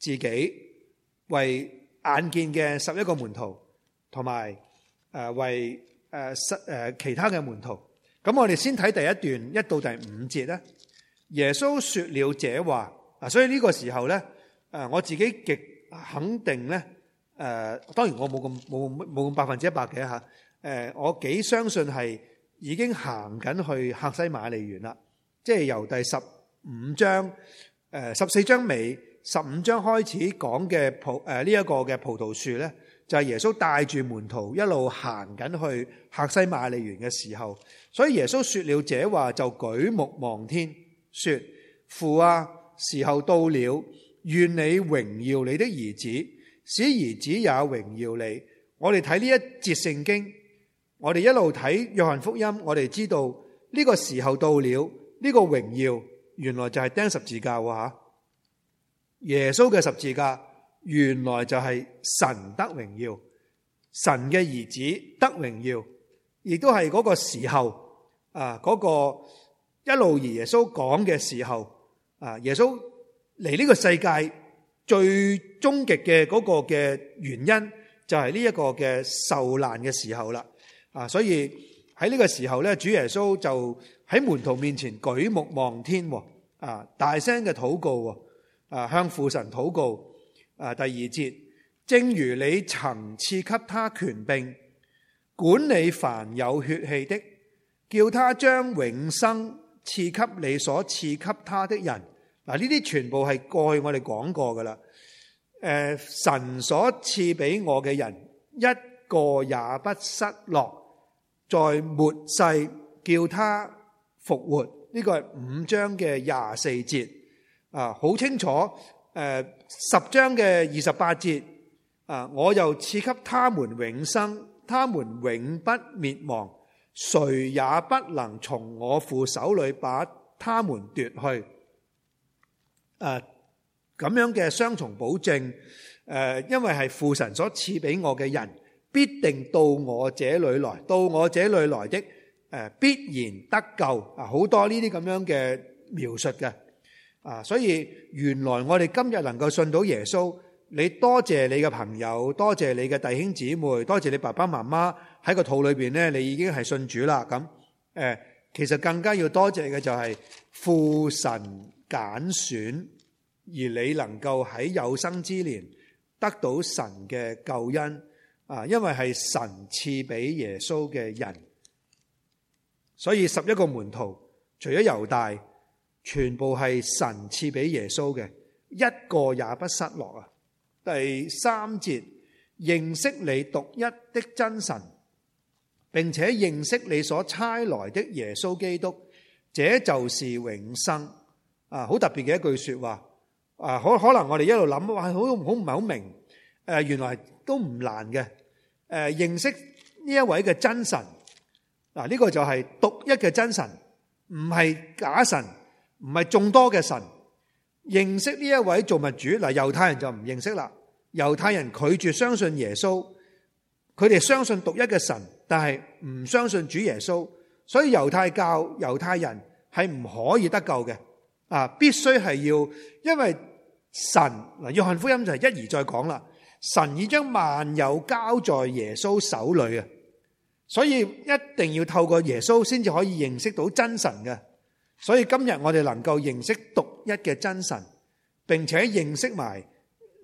自己為眼見嘅十一個門徒，同埋誒為誒誒其他嘅門徒。咁我哋先睇第一段一到第五節呢，耶穌說了這話，啊，所以呢個時候咧，誒我自己極肯定咧，誒當然我冇咁冇冇咁百分之一百嘅，吓，誒我幾相信係已經行緊去客西馬尼園啦，即係由第十五章誒十四章尾。十五章開始講嘅葡，誒呢一個嘅葡萄樹呢，就係耶穌帶住門徒一路行緊去客西馬尼園嘅時候，所以耶穌說了這話就舉目望天說，說父啊，時候到了，願你榮耀你的兒子，使兒子也榮耀你。我哋睇呢一節聖經，我哋一路睇約翰福音，我哋知道呢個時候到了，呢、這個榮耀原來就係釘十字架啊。耶穌嘅十字架，原來就係神得榮耀，神嘅兒子得榮耀，亦都係嗰個時候啊，嗰個一路而耶穌講嘅時候啊，耶穌嚟呢個世界最終極嘅嗰個嘅原因，就係呢一個嘅受難嘅時候啦啊，所以喺呢個時候咧，主耶穌就喺門徒面前舉目望天，啊，大聲嘅禱告。啊，向父神禱告。啊，第二節，正如你曾賜給他權柄，管理凡有血氣的，叫他將永生賜給你所賜給他的人。嗱，呢啲全部係過去我哋講過噶啦。誒，神所賜俾我嘅人，一個也不失落，在末世叫他復活。呢個係五章嘅廿四節。啊，好清楚，誒、啊，十章嘅二十八節，啊，我又賜給他們永生，他們永不滅亡，誰也不能從我父手裏把他們奪去，誒、啊，咁樣嘅雙重保證，誒、啊，因為係父神所賜俾我嘅人，必定到我這裏來，到我這裏來的，誒、啊，必然得救，啊，好多呢啲咁樣嘅描述嘅。啊！所以原來我哋今日能夠信到耶穌，你多謝你嘅朋友，多謝你嘅弟兄姊妹，多謝你爸爸媽媽喺個肚裏面咧，你已經係信主啦。咁誒，其實更加要多謝嘅就係父神揀選，而你能夠喺有生之年得到神嘅救恩啊！因為係神賜俾耶穌嘅人，所以十一個門徒除咗猶大。全部係神賜俾耶穌嘅，一個也不失落啊！第三節，認識你獨一的真神，並且認識你所差來的耶穌基督，這就是永生啊！好特別嘅一句說話啊，可可能我哋一路諗哇，好唔好唔係好明誒，原來都唔難嘅誒，認識呢一位嘅真神嗱，呢個就係獨一嘅真神，唔係假神。唔係眾多嘅神，認識呢一位造物主，嗱猶太人就唔認識啦。猶太人拒絕相信耶穌，佢哋相信獨一嘅神，但係唔相信主耶穌，所以猶太教猶太人係唔可以得救嘅啊！必須係要，因為神嗱約翰福音就係一而再講啦，神已將萬有交在耶穌手裏啊！所以一定要透過耶穌先至可以認識到真神嘅。所以今日我哋能夠認識獨一嘅真神，並且認識埋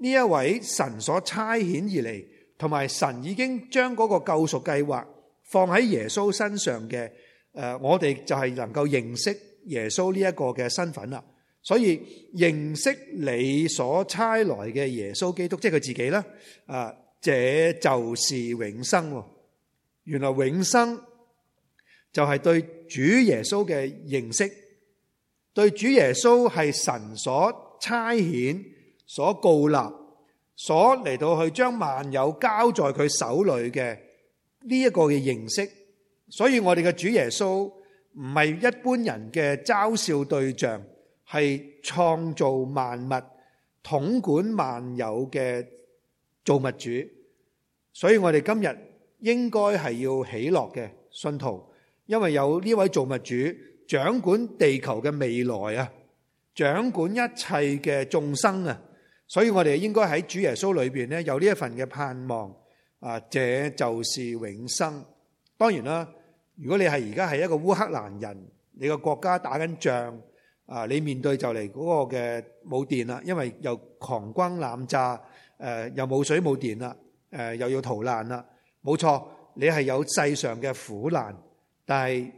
呢一位神所差遣而嚟，同埋神已經將嗰個救贖計劃放喺耶穌身上嘅，誒，我哋就係能夠認識耶穌呢一個嘅身份啦。所以認識你所差來嘅耶穌基督，即係佢自己啦。啊，這就是永生。原來永生就係對主耶穌嘅認識。對主耶穌係神所差遣、所膏立、所嚟到去將萬有交在佢手裏嘅呢一個嘅形式，所以我哋嘅主耶穌唔係一般人嘅嘲笑對象，係創造萬物、統管萬有嘅造物主。所以我哋今日應該係要喜樂嘅信徒，因為有呢位造物主。掌管地球嘅未來啊，掌管一切嘅眾生啊，所以我哋應該喺主耶穌裏邊咧有呢一份嘅盼望啊，這就是永生。當然啦，如果你係而家係一個烏克蘭人，你個國家打緊仗啊，你面對就嚟嗰個嘅冇電啦，因為又狂轟濫炸，誒又冇水冇電啦，誒又要逃難啦，冇錯，你係有世上嘅苦難，但係。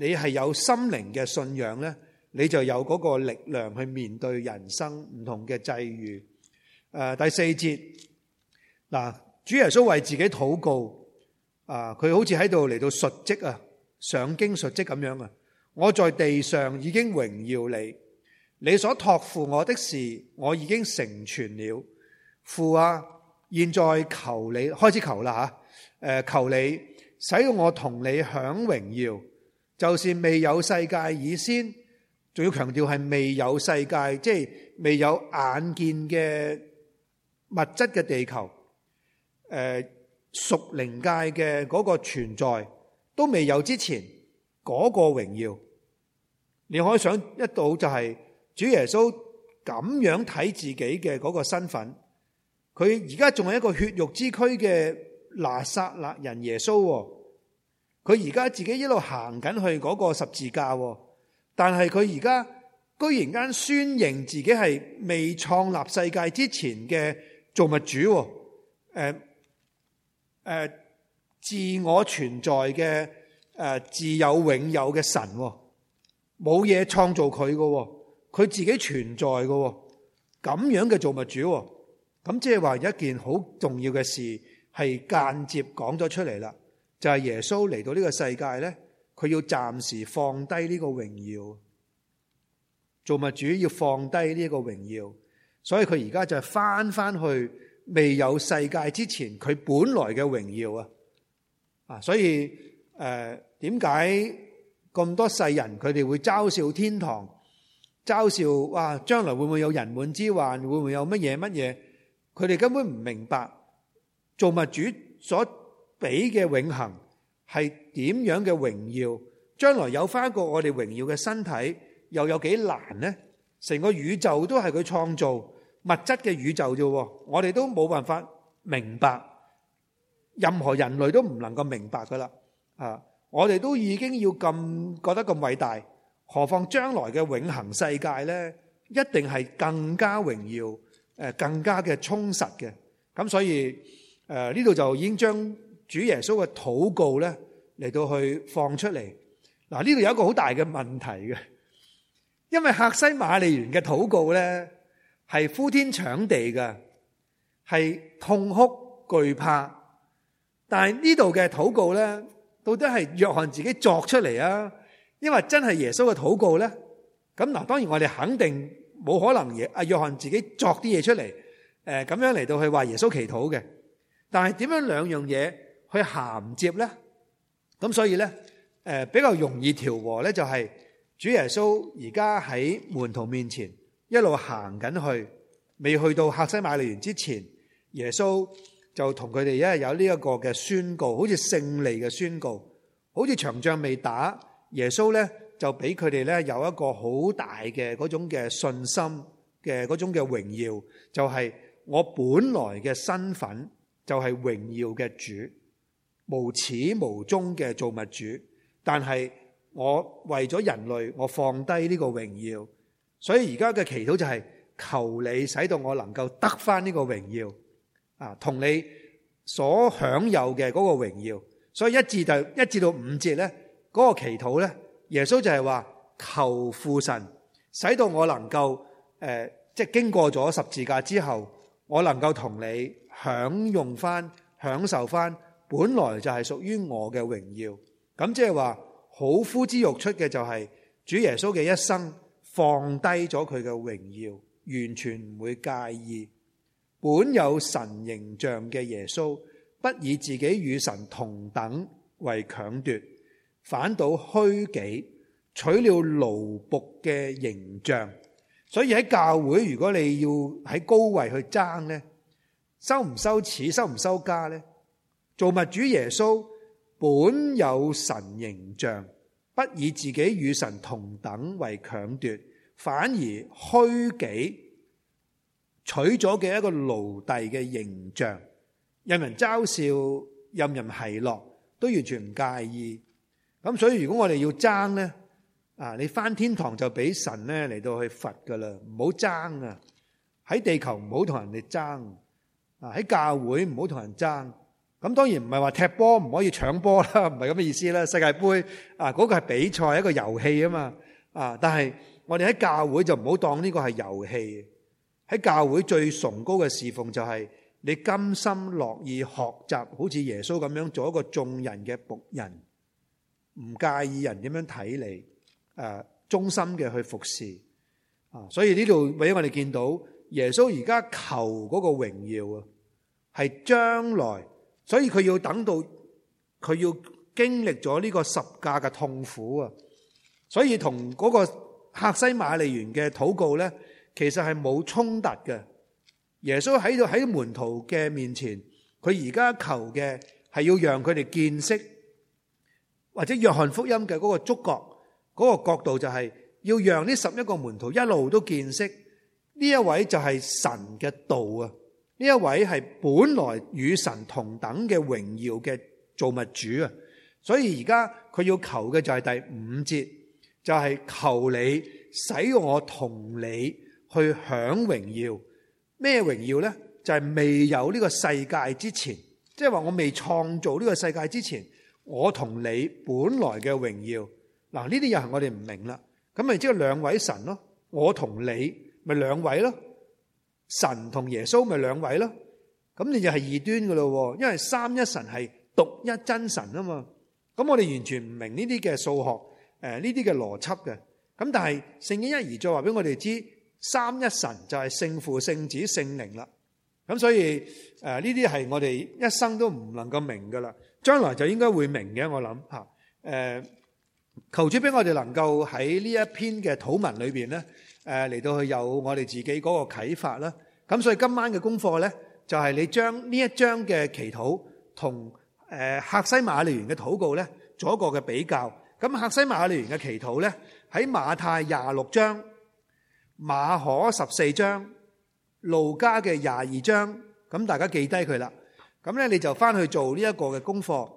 你係有心靈嘅信仰呢，你就有嗰個力量去面對人生唔同嘅際遇。誒，第四節嗱，主耶穌為自己禱告，啊，佢好似喺度嚟到述職啊，上經述職咁樣啊。我在地上已經榮耀你，你所託付我的事，我已經成全了。父啊，現在求你開始求啦吓，誒，求你使我同你享榮耀。就算未有世界以先，仲要強調係未有世界，即係未有眼見嘅物質嘅地球，誒，屬靈界嘅嗰個存在都未有之前嗰個榮耀。你可以想一到就係主耶穌咁樣睇自己嘅嗰個身份，佢而家仲係一個血肉之軀嘅拿撒勒人耶穌。佢而家自己一路行緊去嗰個十字架，但係佢而家居然間宣認自己係未創立世界之前嘅造物主，誒、呃、誒、呃、自我存在嘅誒、呃、自有永有嘅神，冇嘢創造佢嘅，佢自己存在嘅，咁樣嘅造物主，咁即係話一件好重要嘅事係間接講咗出嚟啦。就係耶穌嚟到呢個世界咧，佢要暫時放低呢個榮耀，造物主要放低呢個榮耀，所以佢而家就係翻翻去未有世界之前佢本來嘅榮耀啊，啊所以誒點解咁多世人佢哋會嘲笑天堂，嘲笑哇將來會唔會有人滿之患，會唔會有乜嘢乜嘢？佢哋根本唔明白造物主所俾嘅永恆係點樣嘅榮耀？將來有返一個我哋榮耀嘅身體，又有幾難呢？成個宇宙都係佢創造物質嘅宇宙啫，我哋都冇辦法明白，任何人類都唔能夠明白噶啦。啊，我哋都已經要咁覺得咁偉大，何況將來嘅永恆世界呢，一定係更加榮耀，誒，更加嘅充實嘅。咁所以誒呢度就已經將。主耶穌嘅禱告咧，嚟到去放出嚟嗱，呢度有一個好大嘅問題嘅，因為客西馬尼園嘅禱告咧係呼天搶地嘅，係痛哭懼怕，但係呢度嘅禱告咧到底係約翰自己作出嚟啊？因為真係耶穌嘅禱告咧，咁嗱，當然我哋肯定冇可能嘢，阿約翰自己作啲嘢出嚟，誒咁樣嚟到去話耶穌祈禱嘅，但係點樣兩樣嘢？去銜接咧，咁所以咧，誒、呃、比較容易調和咧，就係主耶穌而家喺門徒面前一路行緊去，未去到客西馬尼園之前，耶穌就同佢哋一係有呢一個嘅宣告，好似勝利嘅宣告，好似場仗未打，耶穌咧就俾佢哋咧有一個好大嘅嗰種嘅信心嘅嗰種嘅榮耀，就係、是、我本來嘅身份就係榮耀嘅主。無始無終嘅造物主，但係我為咗人類，我放低呢個榮耀，所以而家嘅祈禱就係求你使到我能夠得翻呢個榮耀啊，同你所享有嘅嗰個榮耀。所以一一至到五節呢嗰個祈禱呢，耶穌就係話求父神，使到我能夠誒、呃，即係經過咗十字架之後，我能夠同你享用翻、享受翻。本來就係屬於我嘅榮耀，咁即係話好呼之欲出嘅就係主耶穌嘅一生放低咗佢嘅榮耀，完全唔會介意。本有神形象嘅耶穌，不以自己與神同等為強奪，反倒虛己取了奴僕嘅形象。所以喺教會，如果你要喺高位去爭呢，羞唔羞恥，羞唔羞家呢？造物主耶穌本有神形象，不以自己與神同等為強奪，反而虛己取咗嘅一個奴隸嘅形象，任人嘲笑，任人奚落，都完全唔介意。咁所以如果我哋要爭咧，啊，你返天堂就俾神咧嚟到去罰噶啦，唔好爭啊！喺地球唔好同人哋爭，啊喺教會唔好同人爭。咁當然唔係話踢波唔可以搶波啦，唔係咁嘅意思啦。世界杯啊，嗰個係比賽，一個遊戲啊嘛。啊，但係我哋喺教會就唔好當呢個係遊戲。喺教會最崇高嘅侍奉就係你甘心樂意學習，好似耶穌咁樣做一個眾人嘅僕人，唔介意人點樣睇你，誒，忠心嘅去服侍啊。所以呢度俾我哋見到耶穌而家求嗰個榮耀啊，係將來。所以佢要等到佢要經歷咗呢個十架嘅痛苦啊！所以同嗰個客西馬尼園嘅禱告咧，其實係冇衝突嘅。耶穌喺度，喺門徒嘅面前，佢而家求嘅係要讓佢哋見識，或者約翰福音嘅嗰個觸覺、嗰個角度，就係要讓呢十一個門徒一路都見識呢一位就係神嘅道啊！呢一位係本來與神同等嘅榮耀嘅造物主啊，所以而家佢要求嘅就係第五節，就係求你使我同你去享榮耀。咩榮耀呢？就係、是、未有呢個世界之前，即係話我未創造呢個世界之前，我同你本來嘅榮耀。嗱，呢啲又係我哋唔明啦。咁咪即係兩位神咯，我同你咪兩位咯。神同耶穌咪兩位咯，咁你就係二端噶咯？因為三一神係獨一真神啊嘛，咁我哋完全唔明呢啲嘅數學，誒呢啲嘅邏輯嘅，咁但係聖經一而再話俾我哋知，三一神就係聖父、聖子、聖靈啦，咁所以誒呢啲係我哋一生都唔能夠明噶啦，將來就應該會明嘅，我諗吓，誒、呃、求主俾我哋能夠喺呢一篇嘅土文裏邊咧。誒嚟到去有我哋自己嗰個啟發啦，咁所以今晚嘅功課咧，就係你將呢一章嘅祈禱同誒客西馬利園嘅禱告咧做一個嘅比較。咁客西馬利園嘅祈禱咧喺馬太廿六章、馬可十四章、路加嘅廿二章，咁大家記低佢啦。咁咧你就翻去做呢一個嘅功課。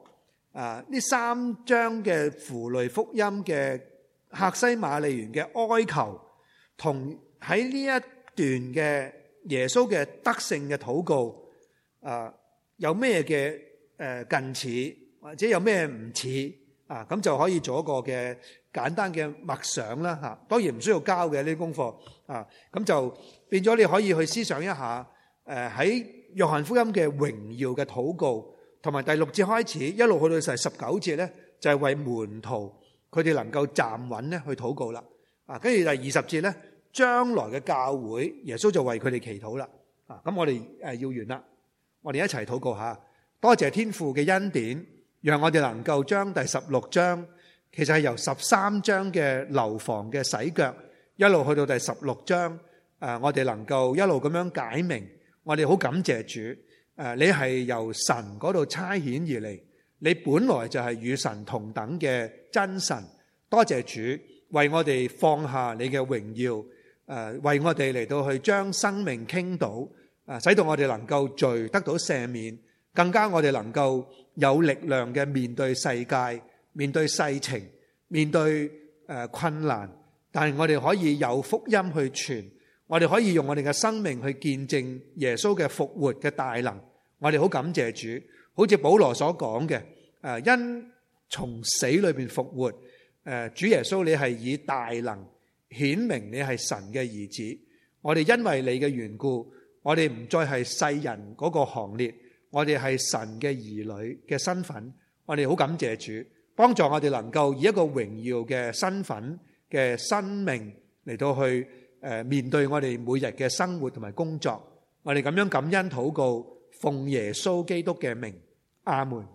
啊，呢三章嘅符類福音嘅客西馬利園嘅哀求。同喺呢一段嘅耶穌嘅德性嘅禱告，啊，有咩嘅誒近似，或者有咩唔似啊？咁就可以做一個嘅簡單嘅默想啦吓，當然唔需要交嘅呢啲功課啊，咁就變咗你可以去思想一下誒，喺約翰福音嘅榮耀嘅禱告，同埋第六節開始一路去到第十九節咧，就係為門徒佢哋能夠站穩咧去禱告啦。啊，跟住第二十節咧。將來嘅教會，耶穌就為佢哋祈禱啦。啊，咁我哋誒要完啦，我哋一齊禱告下。多謝天父嘅恩典，讓我哋能夠將第十六章，其實係由十三章嘅樓房嘅洗腳，一路去到第十六章。誒，我哋能夠一路咁樣解明，我哋好感謝主。誒，你係由神嗰度差遣而嚟，你本來就係與神同等嘅真神。多謝主為我哋放下你嘅榮耀。誒，為我哋嚟到去將生命傾倒，誒，使到我哋能夠罪得到赦免，更加我哋能夠有力量嘅，面對世界，面對世情，面對誒困難，但係我哋可以有福音去傳，我哋可以用我哋嘅生命去見證耶穌嘅復活嘅大能，我哋好感謝主，好似保羅所講嘅，誒，因從死裏面復活，誒，主耶穌你係以大能，顯明你係神嘅兒子，我哋因為你嘅緣故，我哋唔再係世人嗰個行列，我哋係神嘅兒女嘅身份，我哋好感謝主，幫助我哋能夠以一個榮耀嘅身份嘅生命嚟到去誒面對我哋每日嘅生活同埋工作，我哋咁樣感恩禱告，奉耶穌基督嘅名，阿門。